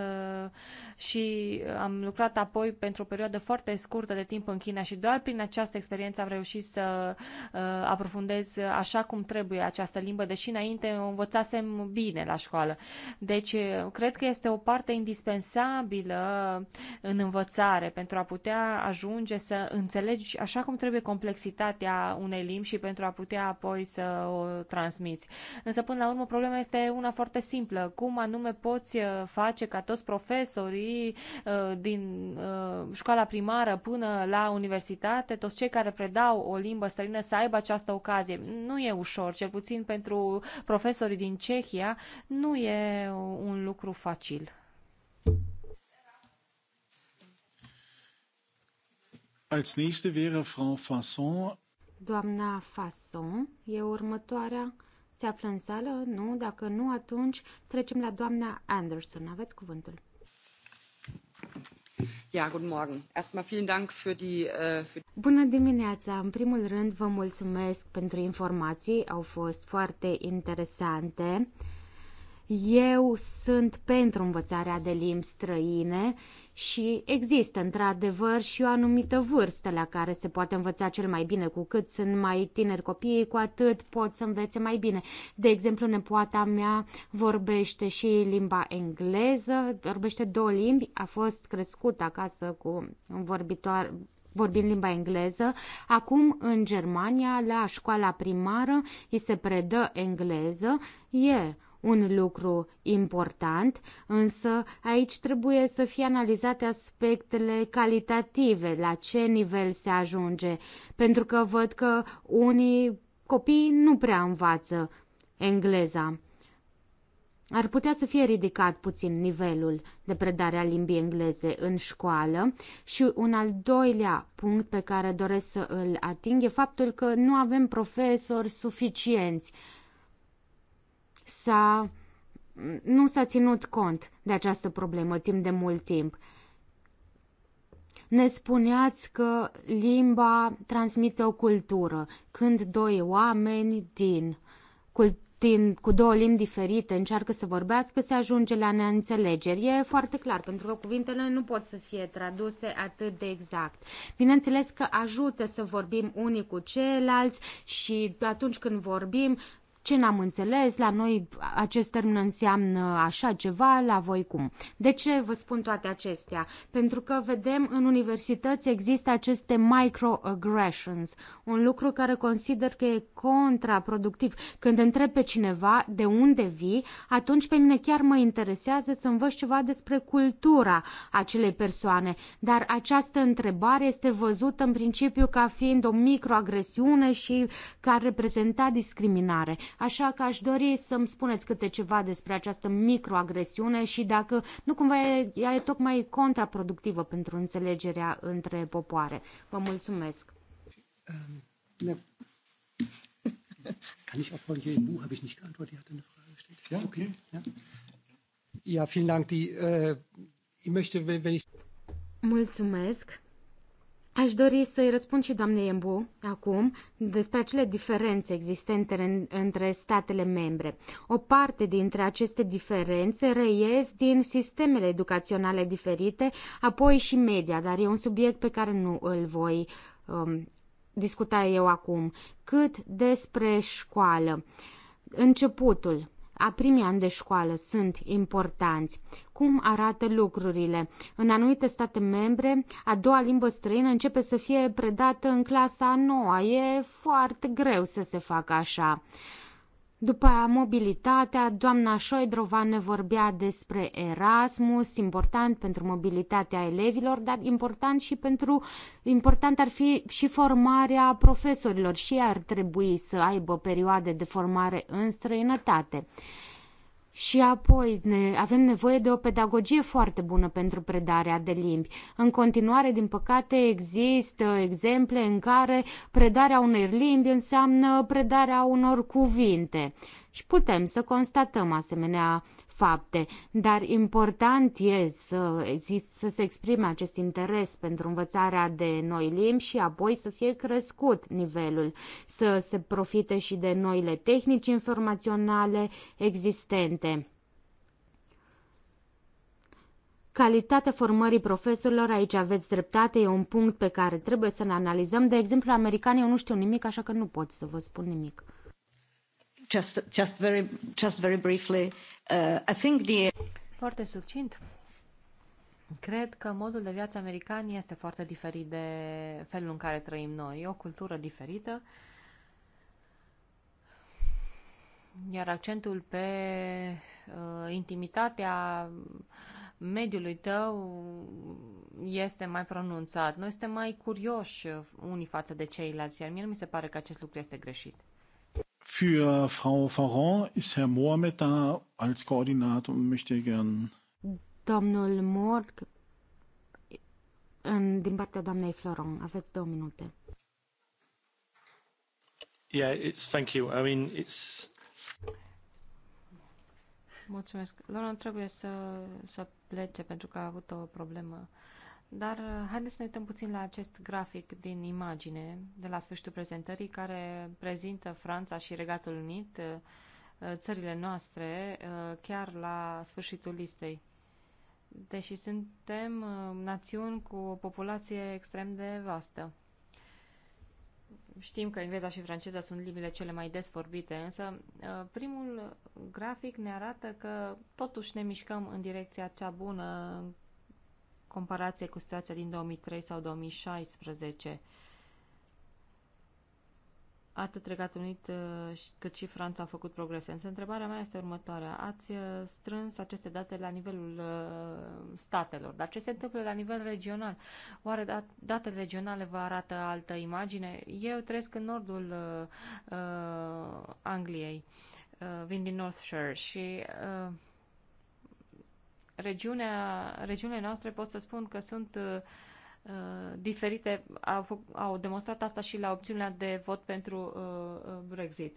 și am lucrat apoi pentru o perioadă foarte scurtă de timp în China și doar prin această experiență am reușit să eh, aprofundez așa cum trebuie această limbă, deși înainte o învățasem bine la școală. Deci, cred că este o parte indispensabilă în învățare pentru a putea ajunge să înțelegi așa cum trebuie complexitatea unei limbi și pentru a putea apoi să o transmiți. Însă, până la urmă, problema este una foarte simplă. Cum anume poți uh, face ca toți profesorii uh, din uh, școala primară până la universitate, toți cei care predau o limbă străină să aibă această ocazie? Nu e ușor, cel puțin pentru profesorii din Cehia, nu e un lucru facil. Als nächste wäre Frau Fasson Doamna Fasson e următoarea. Se află în sală? Nu? Dacă nu, atunci trecem la doamna Anderson. Aveți cuvântul. Ja, guten Morgen. Erstmal vielen Dank für die, uh, für Bună dimineața! În primul rând vă mulțumesc pentru informații, au fost foarte interesante. Uh, eu sunt pentru învățarea de limbi străine și există într-adevăr și o anumită vârstă la care se poate învăța cel mai bine. Cu cât sunt mai tineri copiii, cu atât pot să învețe mai bine. De exemplu, nepoata mea vorbește și limba engleză, vorbește două limbi, a fost crescută acasă cu un vorbitoar, vorbind limba engleză. Acum, în Germania, la școala primară, îi se predă engleză. E un lucru important, însă aici trebuie să fie analizate aspectele calitative, la ce nivel se ajunge, pentru că văd că unii copii nu prea învață engleza. Ar putea să fie ridicat puțin nivelul de predare a limbii engleze în școală și un al doilea punct pe care doresc să îl ating e faptul că nu avem profesori suficienți s-a, nu s-a ținut cont de această problemă timp de mult timp. Ne spuneați că limba transmite o cultură. Când doi oameni din, cu, din, cu două limbi diferite încearcă să vorbească, se ajunge la neînțelegeri. E foarte clar, pentru că cuvintele nu pot să fie traduse atât de exact. Bineînțeles că ajută să vorbim unii cu ceilalți și atunci când vorbim, ce n-am înțeles, la noi acest termen înseamnă așa ceva, la voi cum. De ce vă spun toate acestea? Pentru că vedem în universități există aceste microaggressions, un lucru care consider că e contraproductiv. Când întreb pe cineva de unde vii, atunci pe mine chiar mă interesează să învăț ceva despre cultura acelei persoane, dar această întrebare este văzută în principiu ca fiind o microagresiune și ca reprezenta discriminare. Așa că aș dori să-mi spuneți câte ceva despre această microagresiune și dacă nu cumva ea e tocmai contraproductivă pentru înțelegerea între popoare. Vă mulțumesc! Mulțumesc. Aș dori să-i răspund și doamnei Embu acum despre acele diferențe existente în, între statele membre. O parte dintre aceste diferențe reiesc din sistemele educaționale diferite, apoi și media, dar e un subiect pe care nu îl voi um, discuta eu acum, cât despre școală. Începutul a primii ani de școală sunt importanți. Cum arată lucrurile? În anumite state membre, a doua limbă străină începe să fie predată în clasa a noua. E foarte greu să se facă așa. După mobilitatea, doamna Șoidrova ne vorbea despre Erasmus, important pentru mobilitatea elevilor, dar important și pentru important ar fi și formarea profesorilor și ar trebui să aibă perioade de formare în străinătate. Și apoi ne, avem nevoie de o pedagogie foarte bună pentru predarea de limbi. În continuare, din păcate, există exemple în care predarea unei limbi înseamnă predarea unor cuvinte. Și putem să constatăm asemenea fapte, dar important e să, exist, să se exprime acest interes pentru învățarea de noi limbi și apoi să fie crescut nivelul, să se profite și de noile tehnici informaționale existente. Calitatea formării profesorilor, aici aveți dreptate, e un punct pe care trebuie să-l analizăm. De exemplu, americanii, eu nu știu nimic, așa că nu pot să vă spun nimic. Just, just very, just very briefly, Uh, foarte succint. Cred că modul de viață american este foarte diferit de felul în care trăim noi. E o cultură diferită, iar accentul pe uh, intimitatea mediului tău este mai pronunțat. Noi suntem mai curioși unii față de ceilalți, iar mie nu mi se pare că acest lucru este greșit. Für Frau Faron ist Herr da als Koordinator und möchte gern. Domnul Morg, în, din partea doamnei Floron, aveți două minute. Yeah, it's, thank you. I mean, it's... Mulțumesc. Loran trebuie să, să plece pentru că a avut o problemă dar uh, haideți să ne uităm puțin la acest grafic din imagine de la sfârșitul prezentării care prezintă Franța și Regatul Unit, uh, uh, țările noastre, chiar la sfârșitul listei. Deși suntem națiuni cu o populație extrem de vastă. Știm că engleza și franceza sunt limbile cele mai des vorbite, însă primul grafic ne arată că totuși ne mișcăm în direcția cea bună, comparație cu situația din 2003 sau 2016. Atât Regatul Unit uh, cât și Franța au făcut progrese. Însă întrebarea mea este următoarea. Ați uh, strâns aceste date la nivelul uh, statelor, dar ce se întâmplă la nivel regional? Oare datele regionale vă arată altă imagine? Eu trăiesc în nordul uh, Angliei, uh, vin din Northshire și uh, regiunea, regiunile noastre pot să spun că sunt uh, uh diferite, au, au demonstrat asta și la opțiunea de vot pentru uh, uh Brexit.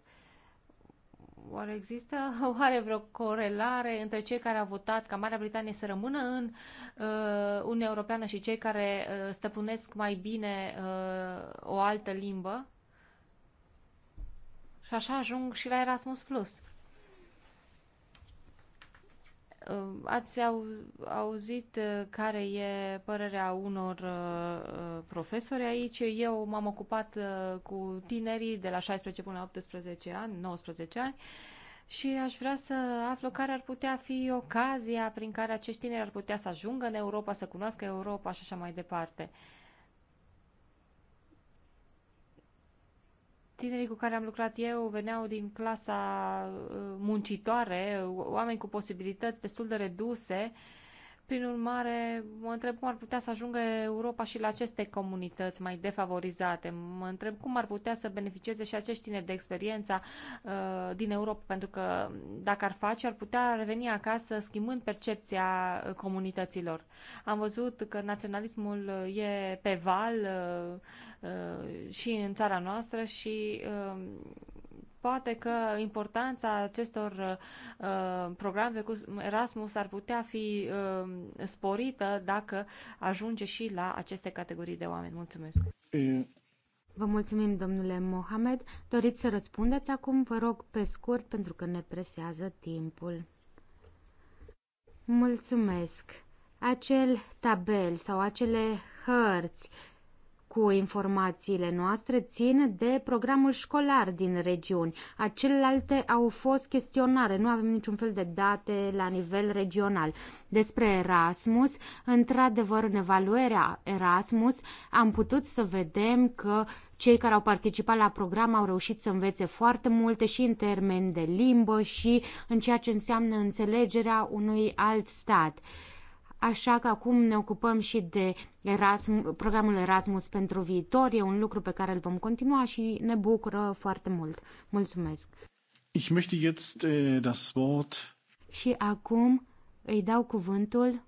Oare există oare vreo corelare între cei care au votat ca Marea Britanie să rămână în uh, Uniunea Europeană și cei care uh, stăpânesc mai bine uh, o altă limbă? Și așa ajung și la Erasmus+. Plus. Uh, ați au, auzit uh, care e părerea unor uh, profesori aici. Eu m-am ocupat cu tinerii de la 16 până la 18 ani, 19 ani și aș vrea să aflu care ar putea fi ocazia prin care acești tineri ar putea să ajungă în Europa, să cunoască Europa și așa mai departe. Uh, tinerii cu care am lucrat eu veneau din clasa uh, muncitoare, oameni cu posibilități destul de reduse prin urmare, mă întreb cum ar putea să ajungă Europa și la aceste comunități mai defavorizate. Mă întreb cum ar putea să beneficieze și acești tineri de experiența uh, din Europa, pentru că dacă ar face, ar putea reveni acasă schimbând percepția uh, comunităților. Am văzut că naționalismul uh, e pe val uh, uh, și în țara noastră și uh, Poate că importanța acestor uh, programe cu Erasmus ar putea fi uh, sporită dacă ajunge și la aceste categorii de oameni. Mulțumesc! Vă mulțumim, domnule Mohamed. Doriți să răspundeți acum? Vă rog pe scurt, pentru că ne presează timpul. Mulțumesc! Acel tabel sau acele hărți cu informațiile noastre țin de programul școlar din regiuni. Acelelalte au fost chestionare, nu avem niciun fel de date la nivel regional. Despre Erasmus, într-adevăr, în evaluarea Erasmus am putut să vedem că cei care au participat la program au reușit să învețe foarte multe și în termen de limbă și în ceea ce înseamnă înțelegerea unui alt stat. Așa că acum ne ocupăm și de Erasm, programul Erasmus pentru viitor. E un lucru pe care îl vom continua și ne bucură foarte mult. Mulțumesc! Ich möchte jetzt äh, das Wort. Și acum îi dau cuvântul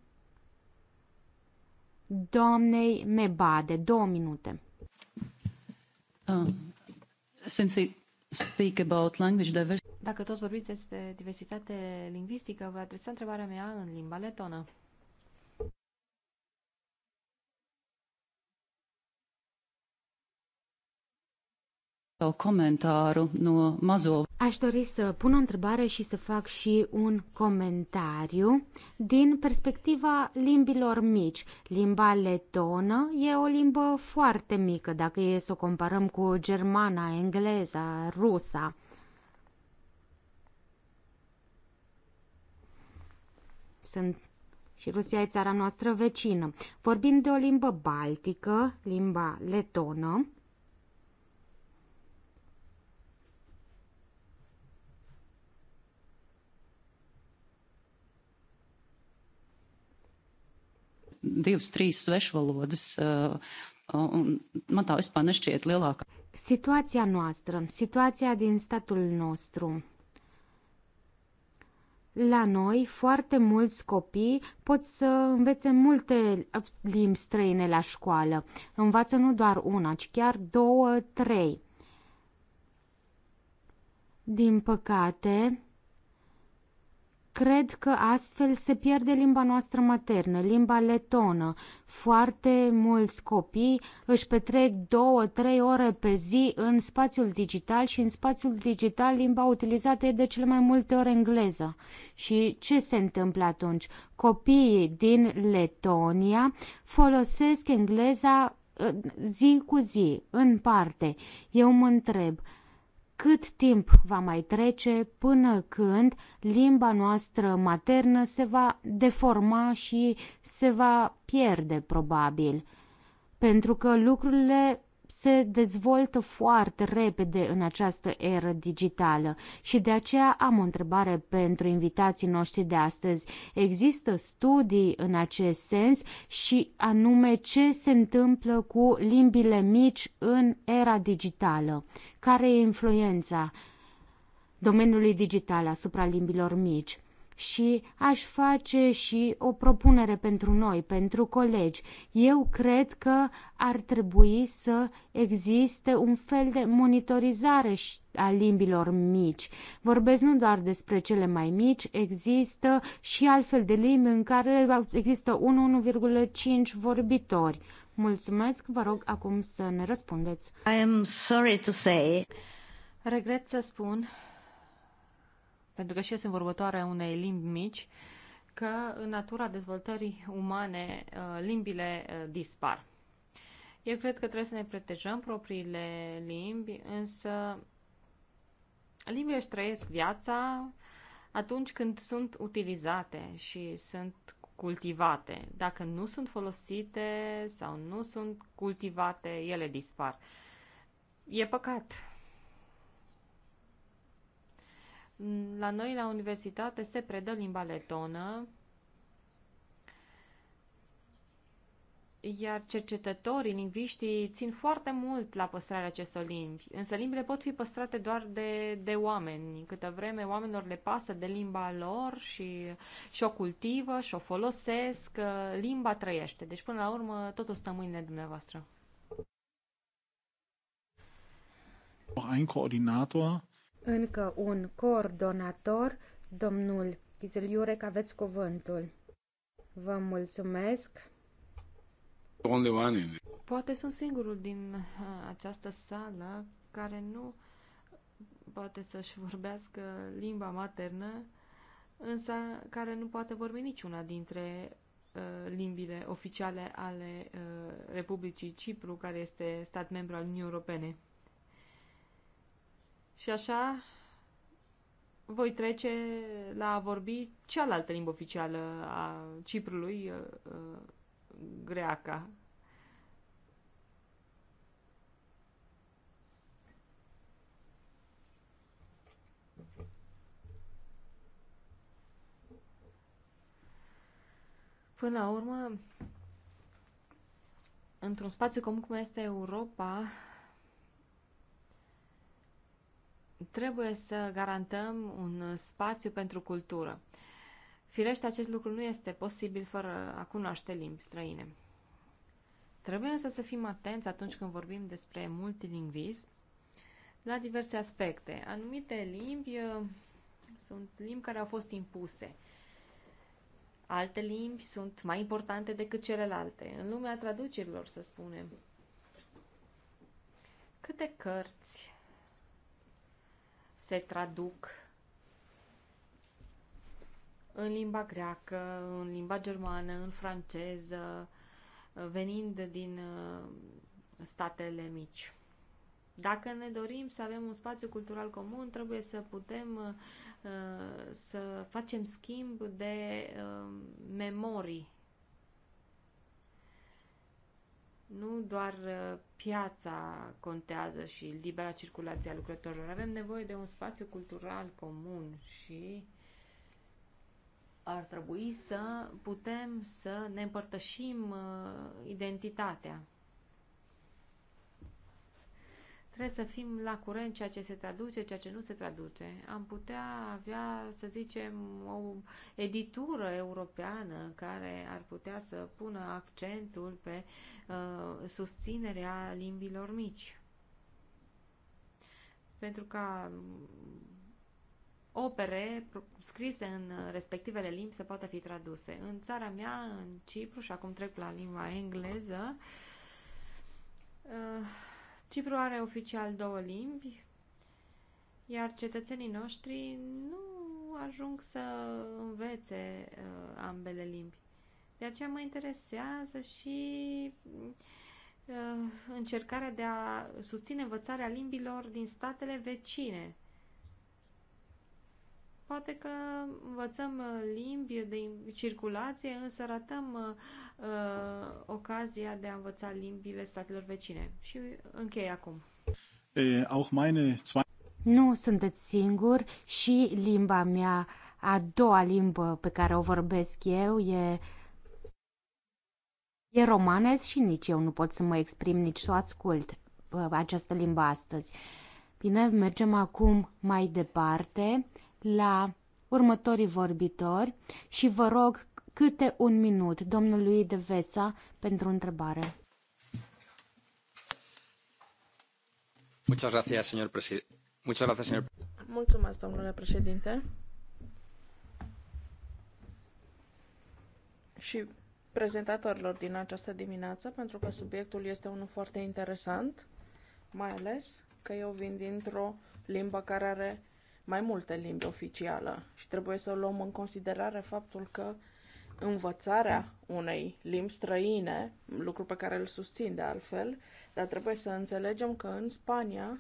doamnei Mebade. Două minute. Uh, since speak about language diversity... Dacă toți vorbiți despre diversitate lingvistică, vă adresa întrebarea mea în limba letonă. no Aș dori să pun o întrebare și să fac și un comentariu din perspectiva limbilor mici. Limba letonă e o limbă foarte mică dacă e să o comparăm cu germana, engleza, rusa. Sunt și Rusia e țara noastră vecină. Vorbim de o limbă baltică, limba letonă, divas, trīs svešvalodas. Un man tā vispār nešķiet lielākā. Situația noastră, situația din statul nostru. La noi, foarte mulți copii pot să învețe multe limbi străine la școală. Învață nu doar una, ci chiar două, trei. Din păcate, Cred că astfel se pierde limba noastră maternă, limba letonă. Foarte mulți copii își petrec două, trei ore pe zi în spațiul digital și în spațiul digital limba utilizată e de cele mai multe ori engleza. Și ce se întâmplă atunci? Copiii din Letonia folosesc engleza ă, zi cu zi, în parte. Eu mă întreb, cât timp va mai trece până când limba noastră maternă se va deforma și se va pierde probabil, pentru că lucrurile se dezvoltă foarte repede în această eră digitală și de aceea am o întrebare pentru invitații noștri de astăzi. Există studii în acest sens și anume ce se întâmplă cu limbile mici în era digitală? Care e influența domeniului digital asupra limbilor mici? și aș face și o propunere pentru noi, pentru colegi. Eu cred că ar trebui să existe un fel de monitorizare a limbilor mici. Vorbesc nu doar despre cele mai mici, există și altfel de limbi în care există 1,5 vorbitori. Mulțumesc, vă rog acum să ne răspundeți. I am sorry to say. Regret să spun pentru că și eu sunt vorbătoare unei limbi mici, că în natura dezvoltării umane uh, limbile uh, dispar. Eu cred că trebuie să ne protejăm propriile limbi, însă limbile își trăiesc viața atunci când sunt utilizate și sunt cultivate. Dacă nu sunt folosite sau nu sunt cultivate, ele dispar. E păcat la noi, la universitate, se predă limba letonă, iar cercetătorii, lingviștii, țin foarte mult la păstrarea acestor limbi. Însă limbile pot fi păstrate doar de, de oameni. Câtă vreme oamenilor le pasă de limba lor și, și o cultivă și o folosesc, uh, limba trăiește. Deci, până la urmă, totul stă în mâinile dumneavoastră. Un Koordinator încă un coordonator, domnul Chizeliurec, aveți cuvântul. Vă mulțumesc. Poate sunt singurul din uh, această sală care nu poate să-și vorbească limba maternă, însă care nu poate vorbi niciuna dintre uh, limbile oficiale ale uh, Republicii Cipru, care este stat membru al Uniunii Europene. Și așa voi trece la a vorbi cealaltă limbă oficială a Ciprului, uh, uh, greaca. Până la urmă, într-un spațiu comun cum este Europa, Trebuie să garantăm un spațiu pentru cultură. Firește, acest lucru nu este posibil fără a cunoaște limbi străine. Trebuie însă să fim atenți atunci când vorbim despre multilingvism la diverse aspecte. Anumite limbi uh, sunt limbi care au fost impuse. Alte limbi sunt mai importante decât celelalte, în lumea traducerilor, să spunem. Câte cărți se traduc în limba greacă, în limba germană, în franceză, venind din uh, statele mici. Dacă ne dorim să avem un spațiu cultural comun, trebuie să putem uh, să facem schimb de uh, memorii nu doar uh, piața contează și libera circulație a lucrătorilor. Avem nevoie de un spațiu cultural comun și ar trebui să putem să ne împărtășim uh, identitatea. Trebuie să fim la curent ceea ce se traduce, ceea ce nu se traduce. Am putea avea, să zicem, o editură europeană care ar putea să pună accentul pe uh, susținerea limbilor mici. Pentru ca opere scrise în respectivele limbi să poată fi traduse. În țara mea, în Cipru, și acum trec la limba engleză, uh, Cipru are oficial două limbi, iar cetățenii noștri nu ajung să învețe uh, ambele limbi. De aceea mă interesează și uh, încercarea de a susține învățarea limbilor din statele vecine Poate că învățăm uh, limbi de circulație, însă ratăm uh, uh, ocazia de a învăța limbile statelor vecine. Și închei acum. E, auch meine zwei... Nu sunteți singur și limba mea, a doua limbă pe care o vorbesc eu e e romanez și nici eu nu pot să mă exprim, nici să o ascult uh, această limbă astăzi. Bine, mergem acum mai departe la următorii vorbitori și vă rog câte un minut domnului de Vesa pentru întrebare. Muchas gracias, señor... Mulțumesc, domnule președinte. Și prezentatorilor din această dimineață, pentru că subiectul este unul foarte interesant, mai ales că eu vin dintr-o limbă care are mai multe limbi oficiale și trebuie să luăm în considerare faptul că învățarea unei limbi străine, lucru pe care îl susțin de altfel, dar trebuie să înțelegem că în Spania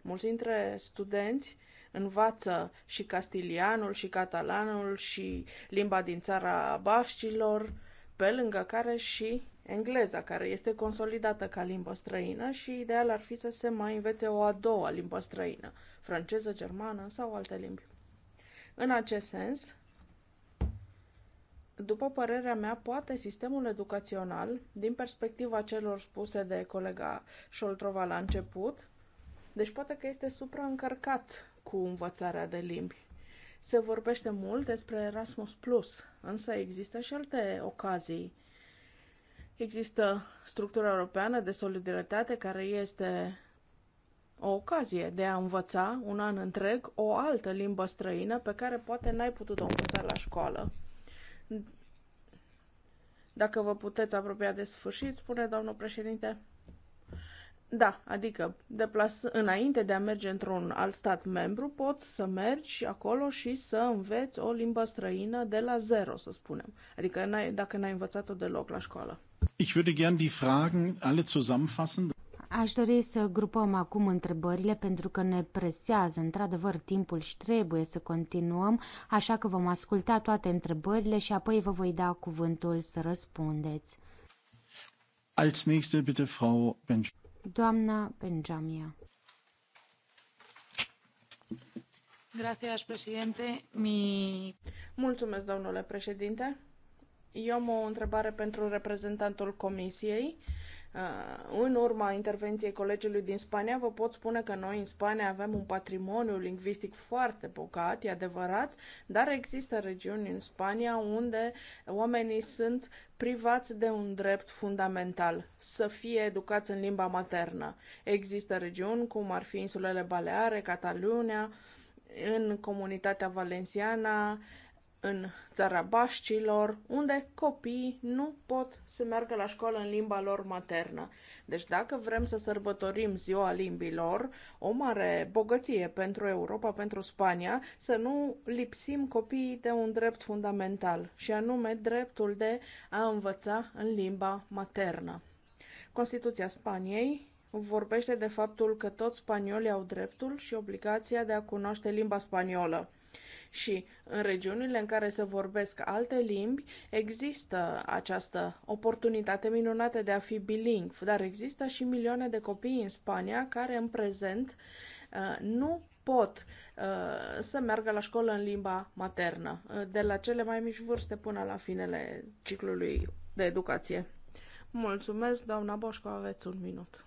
mulți dintre studenți învață și castilianul, și catalanul, și limba din țara bașcilor, pe lângă care și engleza, care este consolidată ca limbă străină și ideal ar fi să se mai învețe o a doua limbă străină, franceză, germană sau alte limbi. În acest sens, după părerea mea, poate sistemul educațional, din perspectiva celor spuse de colega Șoltrova la început, deci poate că este supraîncărcat cu învățarea de limbi. Se vorbește mult despre Erasmus Plus, însă există și alte ocazii Există structura europeană de solidaritate care este o ocazie de a învăța un an întreg o altă limbă străină pe care poate n-ai putut-o învăța la școală. Dacă vă puteți apropia de sfârșit, spune domnul președinte. Da, adică deplas- înainte de a merge într-un alt stat membru, poți să mergi acolo și să înveți o limbă străină de la zero, să spunem. Adică n-ai, dacă n-ai învățat-o deloc la școală. Ich würde gern die Fragen alle zusammenfassen. Aș dori să grupăm acum întrebările pentru că ne presează într-adevăr timpul și trebuie să continuăm, așa că vom asculta toate întrebările și apoi vă voi da cuvântul să răspundeți. Als nächste bitte Frau Benj Doamna Benjamia. Gracias, presidente. Mi... Mulțumesc, domnule președinte. Eu am o întrebare pentru reprezentantul Comisiei. Uh, în urma intervenției colegiului din Spania, vă pot spune că noi în Spania avem un patrimoniu lingvistic foarte bogat, e adevărat, dar există regiuni în Spania unde oamenii sunt privați de un drept fundamental, să fie educați în limba maternă. Există regiuni cum ar fi insulele Baleare, Catalunia, în comunitatea valenciană în țara bașcilor, unde copiii nu pot să meargă la școală în limba lor maternă. Deci dacă vrem să sărbătorim ziua limbilor, o mare bogăție pentru Europa, pentru Spania, să nu lipsim copiii de un drept fundamental, și anume dreptul de a învăța în limba maternă. Constituția Spaniei vorbește de faptul că toți spaniolii au dreptul și obligația de a cunoaște limba spaniolă și în regiunile în care se vorbesc alte limbi există această oportunitate minunată de a fi bilingv, dar există și milioane de copii în Spania care în prezent uh, nu pot uh, să meargă la școală în limba maternă, uh, de la cele mai mici vârste până la finele ciclului de educație. Mulțumesc, doamna Boșco, aveți un minut.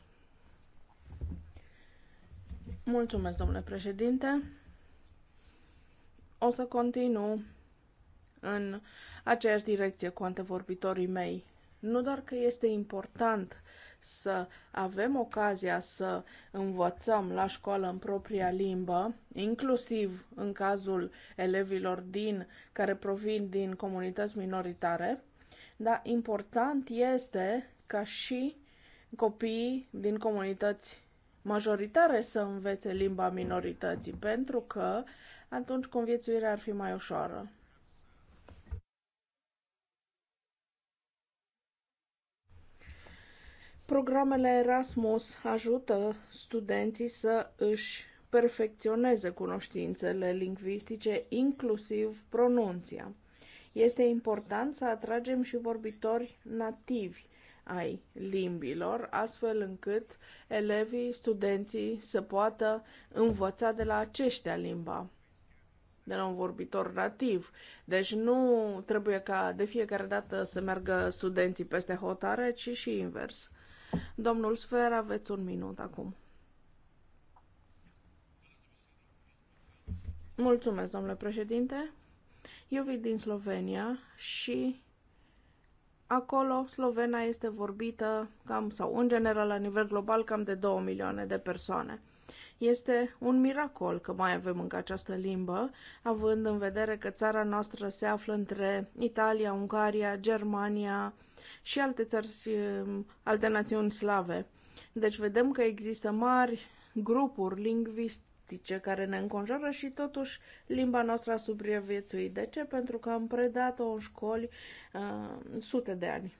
Mulțumesc, domnule președinte. O să continu în aceeași direcție cu antevorbitorii mei. Nu doar că este important să avem ocazia să învățăm la școală în propria limbă, inclusiv în cazul elevilor din care provin din comunități minoritare, dar important este ca și copiii din comunități majoritare să învețe limba minorității, pentru că atunci conviețuirea ar fi mai ușoară. Programele Erasmus ajută studenții să își perfecționeze cunoștințele lingvistice, inclusiv pronunția. Este important să atragem și vorbitori nativi ai limbilor, astfel încât elevii, studenții să poată învăța de la aceștia limba de la un vorbitor nativ. Deci nu trebuie ca de fiecare dată să meargă studenții peste hotare, ci și invers. Domnul Sfer, aveți un minut acum. Mulțumesc, domnule președinte. Eu vin din Slovenia și acolo slovena este vorbită cam, sau în general la nivel global, cam de 2 milioane de persoane. Este un miracol că mai avem încă această limbă, având în vedere că țara noastră se află între Italia, Ungaria, Germania și alte țări, um, alte națiuni slave. Deci vedem că există mari grupuri lingvistice care ne înconjoară și totuși limba noastră a supraviețuit. De ce? Pentru că am predat-o în școli uh, sute de ani.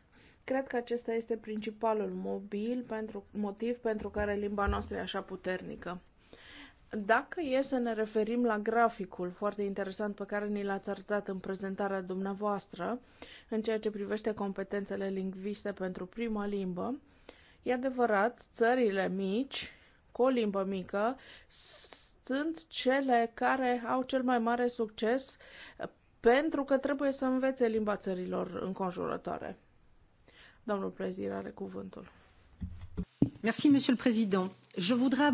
Cred că acesta este principalul mobil pentru, motiv pentru care limba noastră e așa puternică. Dacă e să ne referim la graficul foarte interesant pe care ni l-ați arătat în prezentarea dumneavoastră, în ceea ce privește competențele lingviste pentru prima limbă, e adevărat, țările mici, cu o limbă mică, sunt cele care au cel mai mare succes pentru că trebuie să învețe limba țărilor înconjurătoare. Domnul Prezir are cuvântul. Merci, monsieur le président. Je voudrais...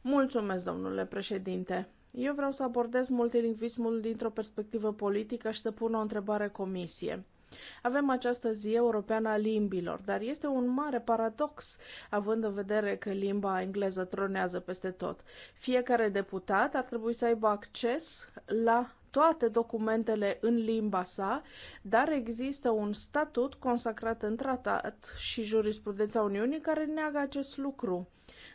Mulțumesc, domnule președinte. Eu vreau să abordez multilingvismul dintr-o perspectivă politică și să pun o întrebare comisie. Avem această zi europeană a limbilor, dar este un mare paradox, având în vedere că limba engleză tronează peste tot. Fiecare deputat ar trebui să aibă acces la toate documentele în limba sa, dar există un statut consacrat în tratat și jurisprudența Uniunii care neagă acest lucru.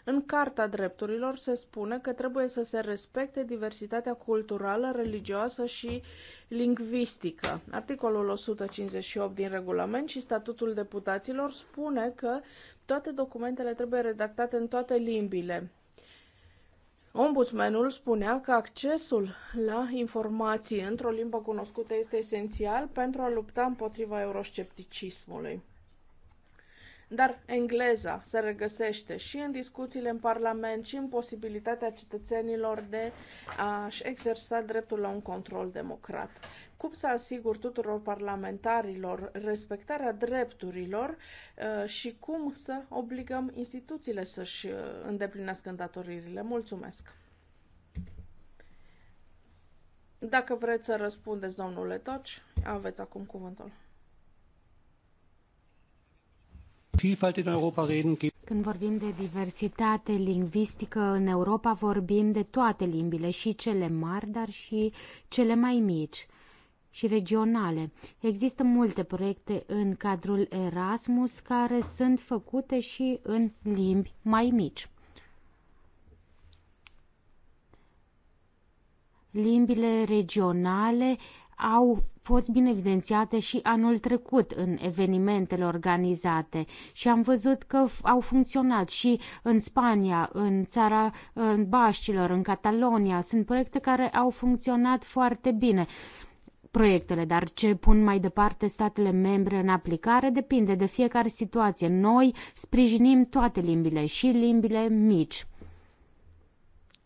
În Carta Drepturilor se spune că trebuie să se respecte diversitatea culturală, religioasă și lingvistică. Articolul 158 din regulament și statutul deputaților spune că toate documentele trebuie redactate în toate limbile. Ombudsmanul spunea că accesul la informații într-o limbă cunoscută este esențial pentru a lupta împotriva euroscepticismului. Dar engleza se regăsește și în discuțiile în Parlament și în posibilitatea cetățenilor de a-și exersa dreptul la un control democrat. Cum să asigur tuturor parlamentarilor respectarea drepturilor uh, și cum să obligăm instituțiile să-și uh, îndeplinească îndatoririle? Mulțumesc! Dacă vreți să răspundeți, domnule Toci, aveți acum cuvântul. Când vorbim de diversitate lingvistică în Europa, vorbim de toate limbile, și cele mari, dar și cele mai mici și regionale. Există multe proiecte în cadrul Erasmus care sunt făcute și în limbi mai mici. Limbile regionale au fost bine evidențiate și anul trecut în evenimentele organizate și am văzut că au funcționat și în Spania, în țara în Baștilor, în Catalonia. Sunt proiecte care au funcționat foarte bine proiectele, dar ce pun mai departe statele membre în aplicare depinde de fiecare situație. Noi sprijinim toate limbile și limbile mici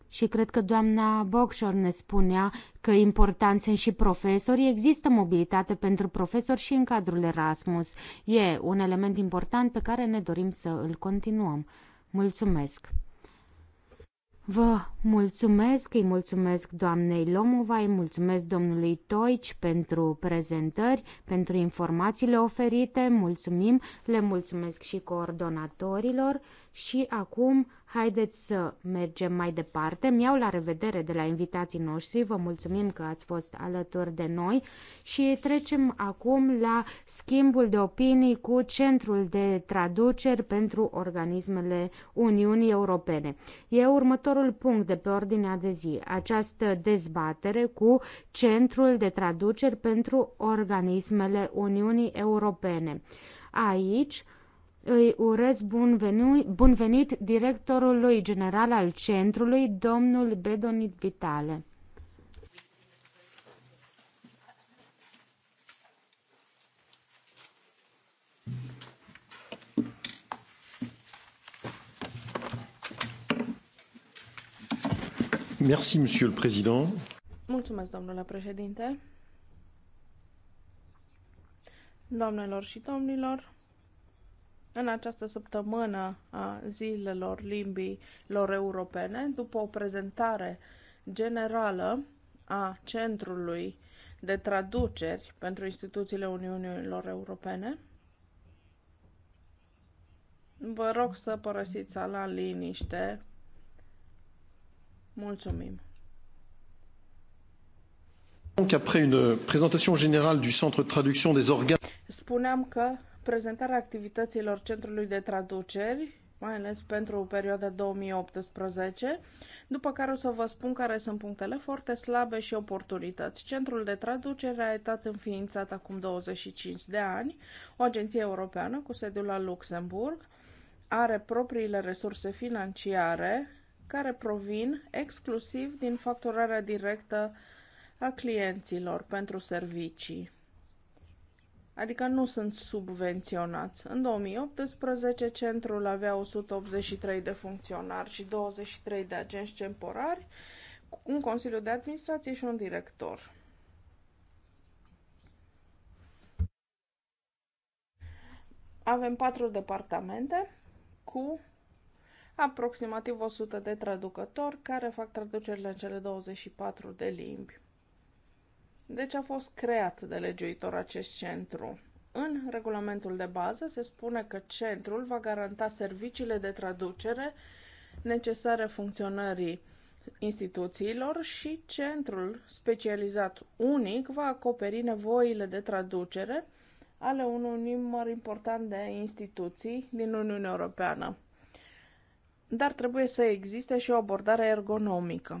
și cred că doamna Bocșor ne spunea că important sunt și profesori. Există mobilitate pentru profesori și în cadrul Erasmus. E un element important pe care ne dorim să îl continuăm. Mulțumesc! Vă mulțumesc, îi mulțumesc doamnei Lomova, îi mulțumesc domnului Toici pentru prezentări, pentru informațiile oferite, mulțumim, le mulțumesc și coordonatorilor și acum Haideți să mergem mai departe. Mi-au la revedere de la invitații noștri. Vă mulțumim că ați fost alături de noi și trecem acum la schimbul de opinii cu Centrul de Traduceri pentru Organismele Uniunii Europene. E următorul punct de pe ordinea de zi. Această dezbatere cu Centrul de Traduceri pentru Organismele Uniunii Europene. Aici, îi urez bun venit, bun venit directorului general al centrului, domnul Bedonit Vitale. Merci, Monsieur le Président. Mulțumesc, domnule președinte. Doamnelor și domnilor, în această săptămână a zilelor limbilor europene, după o prezentare generală a Centrului de Traduceri pentru instituțiile Uniunilor Europene. Vă rog să părăsiți sala în liniște. Mulțumim! Donc après une présentation générale du centre de traduction des organes Spuneam că prezentarea activităților Centrului de Traduceri, mai ales pentru perioada 2018, după care o să vă spun care sunt punctele foarte slabe și oportunități. Centrul de traducere a etat înființat acum 25 de ani, o agenție europeană cu sediul la Luxemburg, are propriile resurse financiare care provin exclusiv din facturarea directă a clienților pentru servicii adică nu sunt subvenționați. În 2018, centrul avea 183 de funcționari și 23 de agenți temporari, un consiliu de administrație și un director. Avem patru departamente cu aproximativ 100 de traducători care fac traducerile în cele 24 de limbi. Deci a fost creat de legiuitor acest centru. În regulamentul de bază se spune că centrul va garanta serviciile de traducere necesare funcționării instituțiilor și centrul specializat unic va acoperi nevoile de traducere ale unui număr important de instituții din Uniunea Europeană. Dar trebuie să existe și o abordare ergonomică.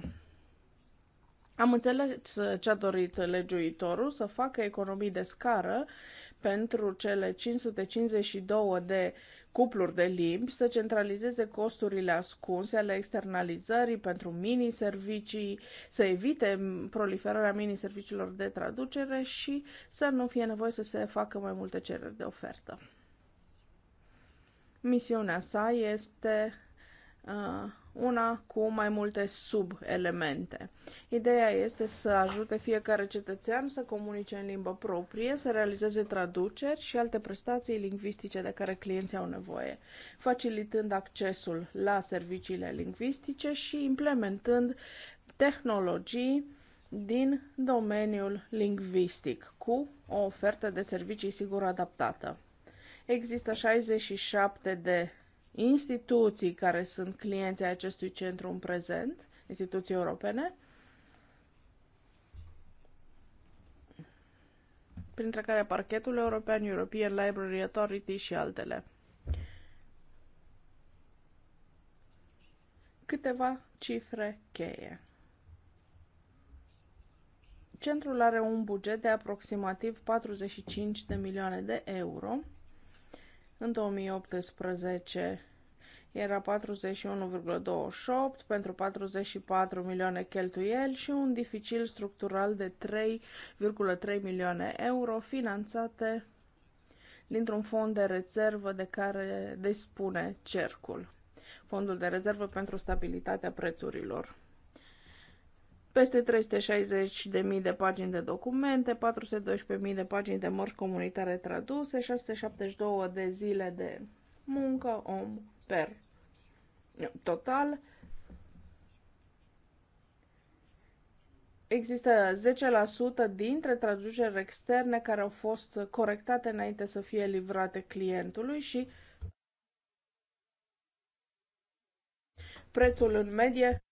Am înțeles ce a dorit legiuitorul, să facă economii de scară pentru cele 552 de cupluri de limbi, să centralizeze costurile ascunse ale externalizării pentru mini-servicii, să evite proliferarea mini-serviciilor de traducere și să nu fie nevoie să se facă mai multe cereri de ofertă. Misiunea sa este uh, una cu mai multe subelemente. Ideea este să ajute fiecare cetățean să comunice în limbă proprie, să realizeze traduceri și alte prestații lingvistice de care clienții au nevoie, facilitând accesul la serviciile lingvistice și implementând tehnologii din domeniul lingvistic cu o ofertă de servicii sigur adaptată. Există 67 de instituții care sunt clienții acestui centru în prezent, instituții europene, printre care parchetul european, European Library Authority și altele. Câteva cifre cheie. Centrul are un buget de aproximativ 45 de milioane de euro. În 2018 era 41,28 pentru 44 milioane cheltuieli și un dificil structural de 3,3 milioane euro finanțate dintr-un fond de rezervă de care dispune cercul, fondul de rezervă pentru stabilitatea prețurilor peste 360.000 de pagini de documente, 412.000 de pagini de mărci comunitare traduse, 672 de zile de muncă om per total. Există 10% dintre traduceri externe care au fost corectate înainte să fie livrate clientului și prețul în medie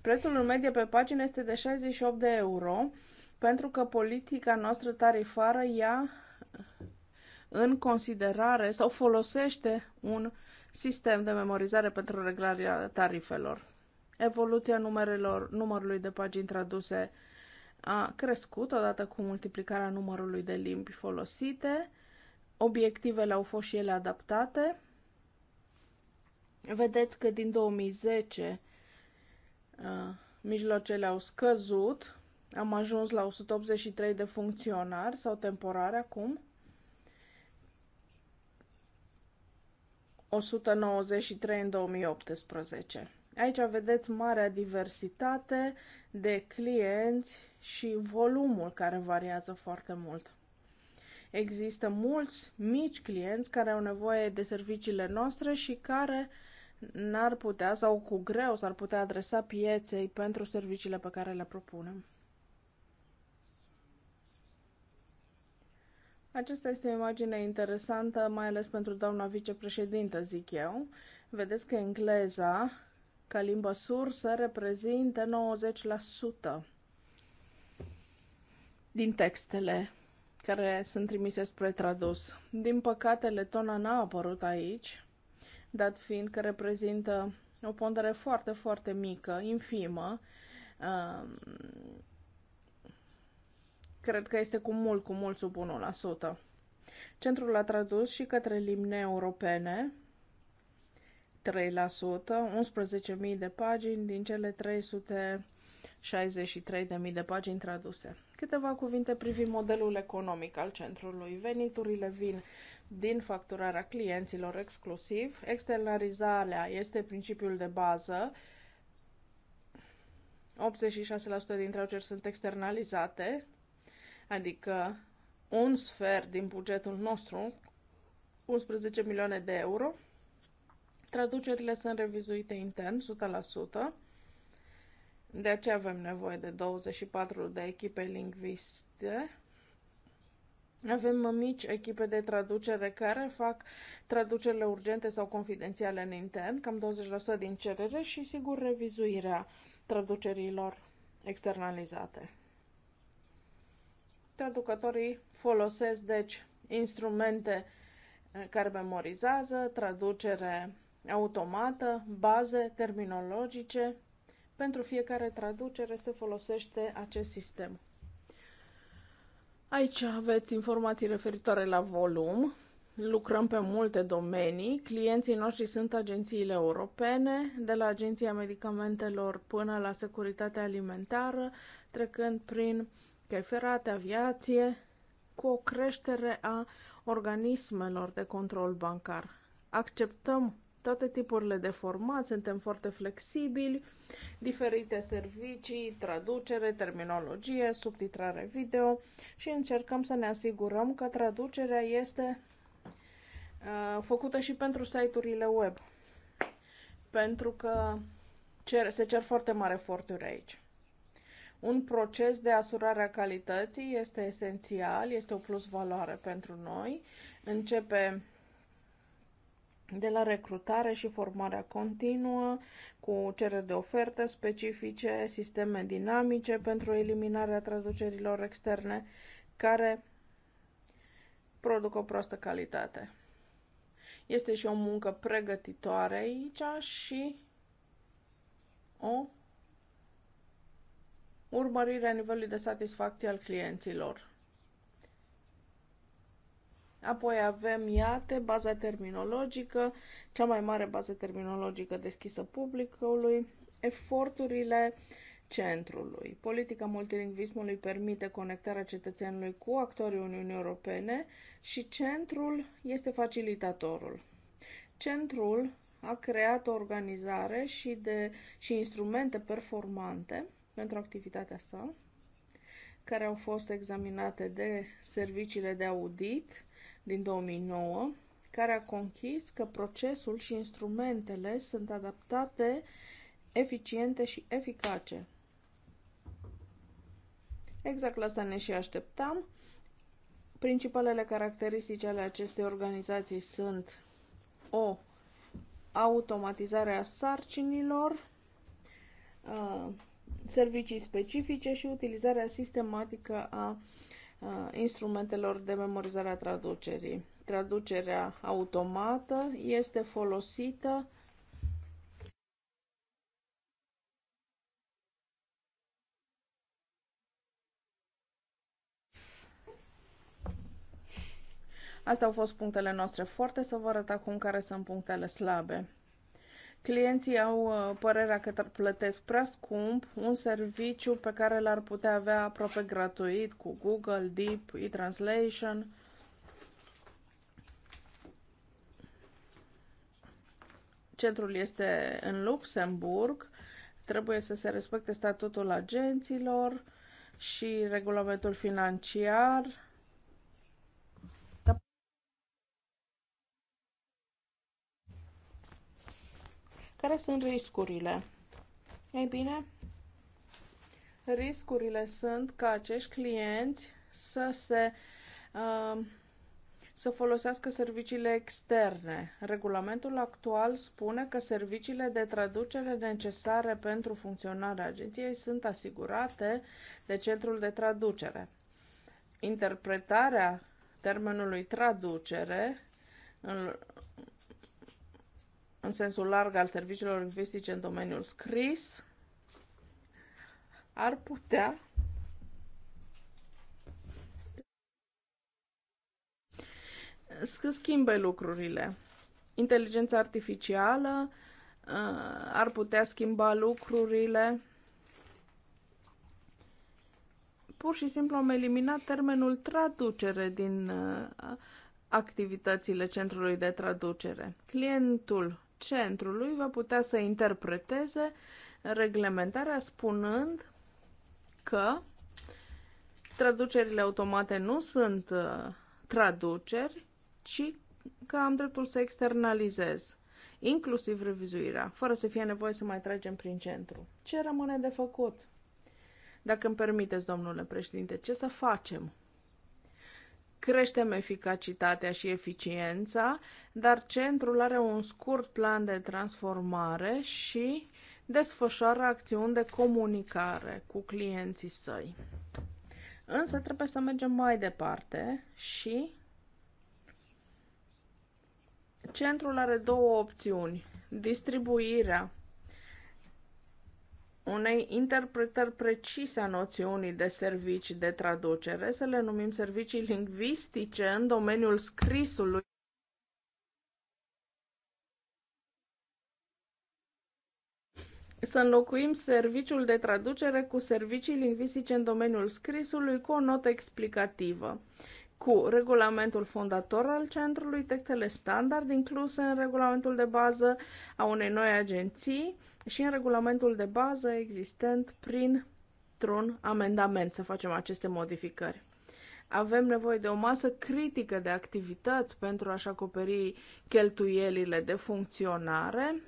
Prețul în medie pe pagină este de 68 de euro, pentru că politica noastră tarifară ia în considerare sau folosește un sistem de memorizare pentru reglarea tarifelor. Evoluția numerelor, numărului de pagini traduse a crescut odată cu multiplicarea numărului de limbi folosite, obiectivele au fost și ele adaptate. Vedeți că din 2010 uh, mijlocele au scăzut, am ajuns la 183 de funcționari sau temporari acum 193 în 2018. Aici vedeți marea diversitate de clienți și volumul care variază foarte mult. Există mulți mici clienți care au nevoie de serviciile noastre și care n-ar putea sau cu greu s-ar putea adresa pieței pentru serviciile pe care le propunem. Aceasta este o imagine interesantă, mai ales pentru doamna vicepreședintă, zic eu. Vedeți că engleza, ca limbă sursă, reprezintă 90% din textele care sunt trimise spre tradus. Din păcate, letona n-a apărut aici, dat fiind că reprezintă o pondere foarte, foarte mică, infimă, um, Cred că este cu mult, cu mult sub 1%. Centrul a tradus și către limne europene 3%, 11.000 de pagini din cele 363.000 de pagini traduse. Câteva cuvinte privind modelul economic al centrului. Veniturile vin din facturarea clienților exclusiv. Externalizarea este principiul de bază. 86% dintre traduceri sunt externalizate, adică un sfert din bugetul nostru, 11 milioane de euro. Traducerile sunt revizuite intern, 100%. De aceea avem nevoie de 24 de echipe lingviste. Avem mici echipe de traducere care fac traducerile urgente sau confidențiale în intern, cam 20% din cerere și, sigur, revizuirea traducerilor externalizate. Traducătorii folosesc, deci, instrumente eh, care memorizează, traducere automată, baze terminologice. Pentru fiecare traducere se folosește acest sistem. Aici aveți informații referitoare la volum. Lucrăm pe multe domenii. Clienții noștri sunt agențiile europene, de la Agenția Medicamentelor până la Securitatea Alimentară, trecând prin ferate, aviație, cu o creștere a organismelor de control bancar. Acceptăm toate tipurile de format, suntem foarte flexibili, diferite servicii, traducere, terminologie, subtitrare video și încercăm să ne asigurăm că traducerea este uh, făcută și pentru site-urile web. Pentru că cer, se cer foarte mari eforturi aici. Un proces de asurare a calității este esențial, este o plus valoare pentru noi. Începe de la recrutare și formarea continuă, cu cereri de oferte specifice, sisteme dinamice pentru eliminarea traducerilor externe care produc o proastă calitate. Este și o muncă pregătitoare aici și o urmărirea nivelului de satisfacție al clienților. Apoi avem IATE, baza terminologică, cea mai mare bază terminologică deschisă publicului, eforturile centrului. Politica multilingvismului permite conectarea cetățenului cu actorii Uniunii Europene și centrul este facilitatorul. Centrul a creat o organizare și, de, și instrumente performante pentru activitatea sa, care au fost examinate de serviciile de audit din 2009, care a conchis că procesul și instrumentele sunt adaptate, eficiente și eficace. Exact la asta ne și așteptam. Principalele caracteristici ale acestei organizații sunt o automatizare a sarcinilor, servicii specifice și utilizarea sistematică a instrumentelor de memorizare a traducerii. Traducerea automată este folosită Astea au fost punctele noastre forte, să vă arăt acum care sunt punctele slabe. Clienții au uh, părerea că plătesc prea scump un serviciu pe care l-ar putea avea aproape gratuit cu Google, Deep, e-translation. Centrul este în Luxemburg, trebuie să se respecte statutul agenților și regulamentul financiar Care sunt riscurile? Ei bine, riscurile sunt ca acești clienți să se uh, să folosească serviciile externe. Regulamentul actual spune că serviciile de traducere necesare pentru funcționarea agenției sunt asigurate de centrul de traducere. Interpretarea termenului traducere în în sensul larg al serviciilor lingvistice în domeniul scris ar putea să schimbe lucrurile. Inteligența artificială uh, ar putea schimba lucrurile. Pur și simplu am eliminat termenul traducere din uh, activitățile centrului de traducere. Clientul centrului va putea să interpreteze reglementarea spunând că traducerile automate nu sunt uh, traduceri, ci că am dreptul să externalizez, inclusiv revizuirea, fără să fie nevoie să mai tragem prin centru. Ce rămâne de făcut? Dacă îmi permiteți, domnule președinte, ce să facem? creștem eficacitatea și eficiența, dar centrul are un scurt plan de transformare și desfășoară acțiuni de comunicare cu clienții săi. Însă trebuie să mergem mai departe și centrul are două opțiuni. Distribuirea unei interpretări precise a noțiunii de servicii de traducere, să le numim servicii lingvistice în domeniul scrisului. Să înlocuim serviciul de traducere cu servicii lingvistice în domeniul scrisului cu o notă explicativă cu regulamentul fondator al centrului, textele standard incluse în regulamentul de bază a unei noi agenții și în regulamentul de bază existent prin un amendament să facem aceste modificări. Avem nevoie de o masă critică de activități pentru a-și acoperi cheltuielile de funcționare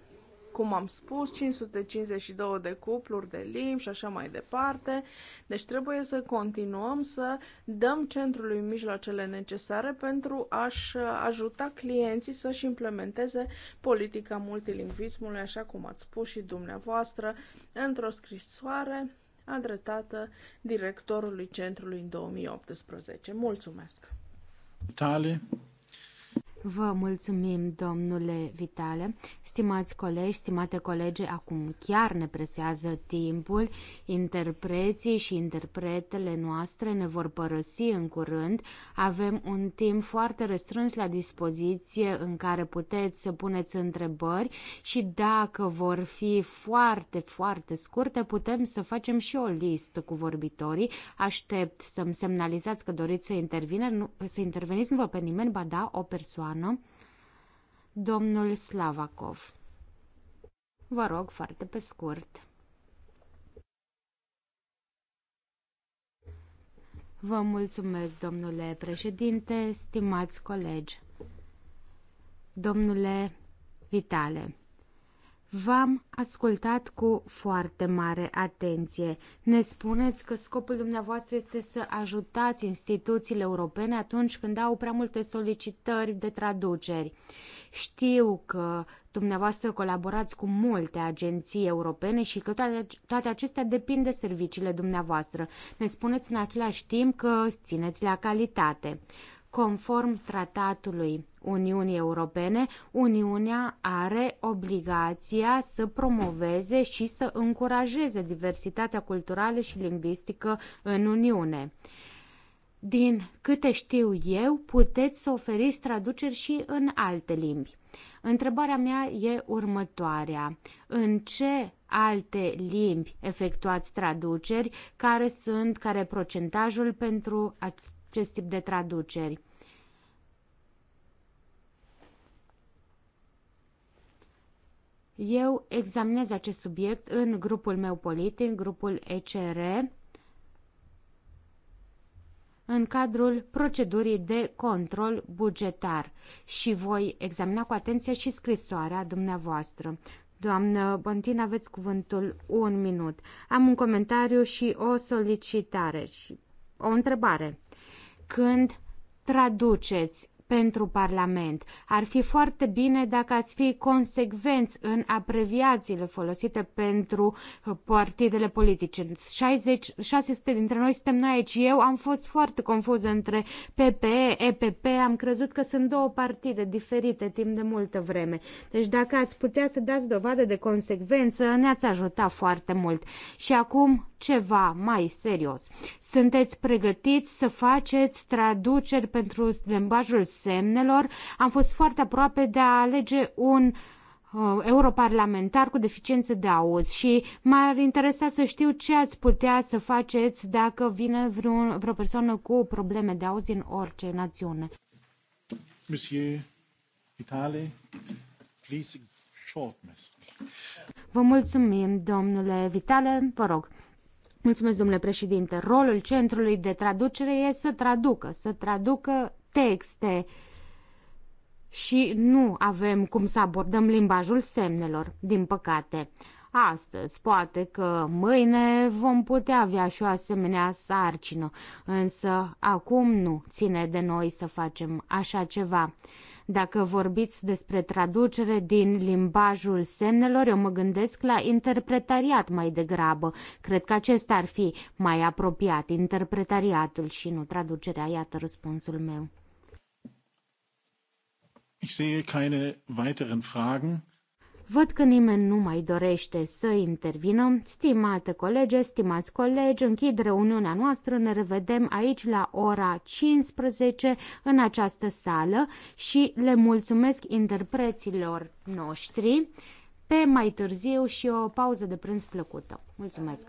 cum am spus, 552 de cupluri de limbi și așa mai departe. Deci trebuie să continuăm să dăm centrului mijloacele necesare pentru a-și ajuta clienții să-și implementeze politica multilingvismului, așa cum ați spus și dumneavoastră, într-o scrisoare adresată directorului centrului în 2018. Mulțumesc! Tale. Vă mulțumim, domnule Vitale. Stimați colegi, stimate colege, acum chiar ne presează timpul. Interpreții și interpretele noastre ne vor părăsi în curând. Avem un timp foarte restrâns la dispoziție în care puteți să puneți întrebări și dacă vor fi foarte, foarte scurte, putem să facem și o listă cu vorbitorii. Aștept să-mi semnalizați că doriți să, intervine, nu, să interveniți, nu vă pe nimeni, ba da, o persoană Europeană, domnul Slavakov. Vă rog, foarte pe scurt. Vă mulțumesc, domnule președinte, stimați colegi. Domnule Vitale, V-am ascultat cu foarte mare atenție. Ne spuneți că scopul dumneavoastră este să ajutați instituțiile europene atunci când au prea multe solicitări de traduceri. Știu că dumneavoastră colaborați cu multe agenții europene și că toate, toate acestea depind de serviciile dumneavoastră. Ne spuneți în același timp că țineți la calitate. Conform tratatului Uniunii Europene, Uniunea are obligația să promoveze și să încurajeze diversitatea culturală și lingvistică în Uniune. Din câte știu eu, puteți să oferiți traduceri și în alte limbi. Întrebarea mea e următoarea. În ce alte limbi efectuați traduceri? Care sunt, care procentajul pentru acest tip de traduceri. Eu examinez acest subiect în grupul meu politic, grupul ECR, în cadrul procedurii de control bugetar și voi examina cu atenție și scrisoarea dumneavoastră. Doamnă Bontin, aveți cuvântul un minut. Am un comentariu și o solicitare și o întrebare când traduceți pentru Parlament. Ar fi foarte bine dacă ați fi consecvenți în abreviațiile folosite pentru partidele politice. 60, 600 dintre noi suntem noi aici. Eu am fost foarte confuză între PPE, EPP. Am crezut că sunt două partide diferite timp de multă vreme. Deci dacă ați putea să dați dovadă de consecvență, ne-ați ajutat foarte mult. Și acum ceva mai serios. Sunteți pregătiți să faceți traduceri pentru limbajul semnelor? Am fost foarte aproape de a alege un uh, europarlamentar cu deficiențe de auz și m-ar interesa să știu ce ați putea să faceți dacă vine vreun, vreo persoană cu probleme de auz în orice națiune. Monsieur Vitale, please short message. Vă mulțumim, domnule Vitale, vă rog. Mulțumesc, domnule președinte. Rolul centrului de traducere e să traducă, să traducă texte și nu avem cum să abordăm limbajul semnelor, din păcate. Astăzi, poate că mâine vom putea avea și o asemenea sarcină, însă acum nu ține de noi să facem așa ceva. Dacă vorbiți despre traducere din limbajul semnelor, eu mă gândesc la interpretariat mai degrabă. Cred că acesta ar fi mai apropiat, interpretariatul și nu traducerea. Iată răspunsul meu. Ich sehe keine weiteren Fragen. Văd că nimeni nu mai dorește să intervină. Stimate colege, stimați colegi, închid reuniunea noastră, ne revedem aici la ora 15 în această sală și le mulțumesc interpreților noștri pe mai târziu și o pauză de prânz plăcută. Mulțumesc!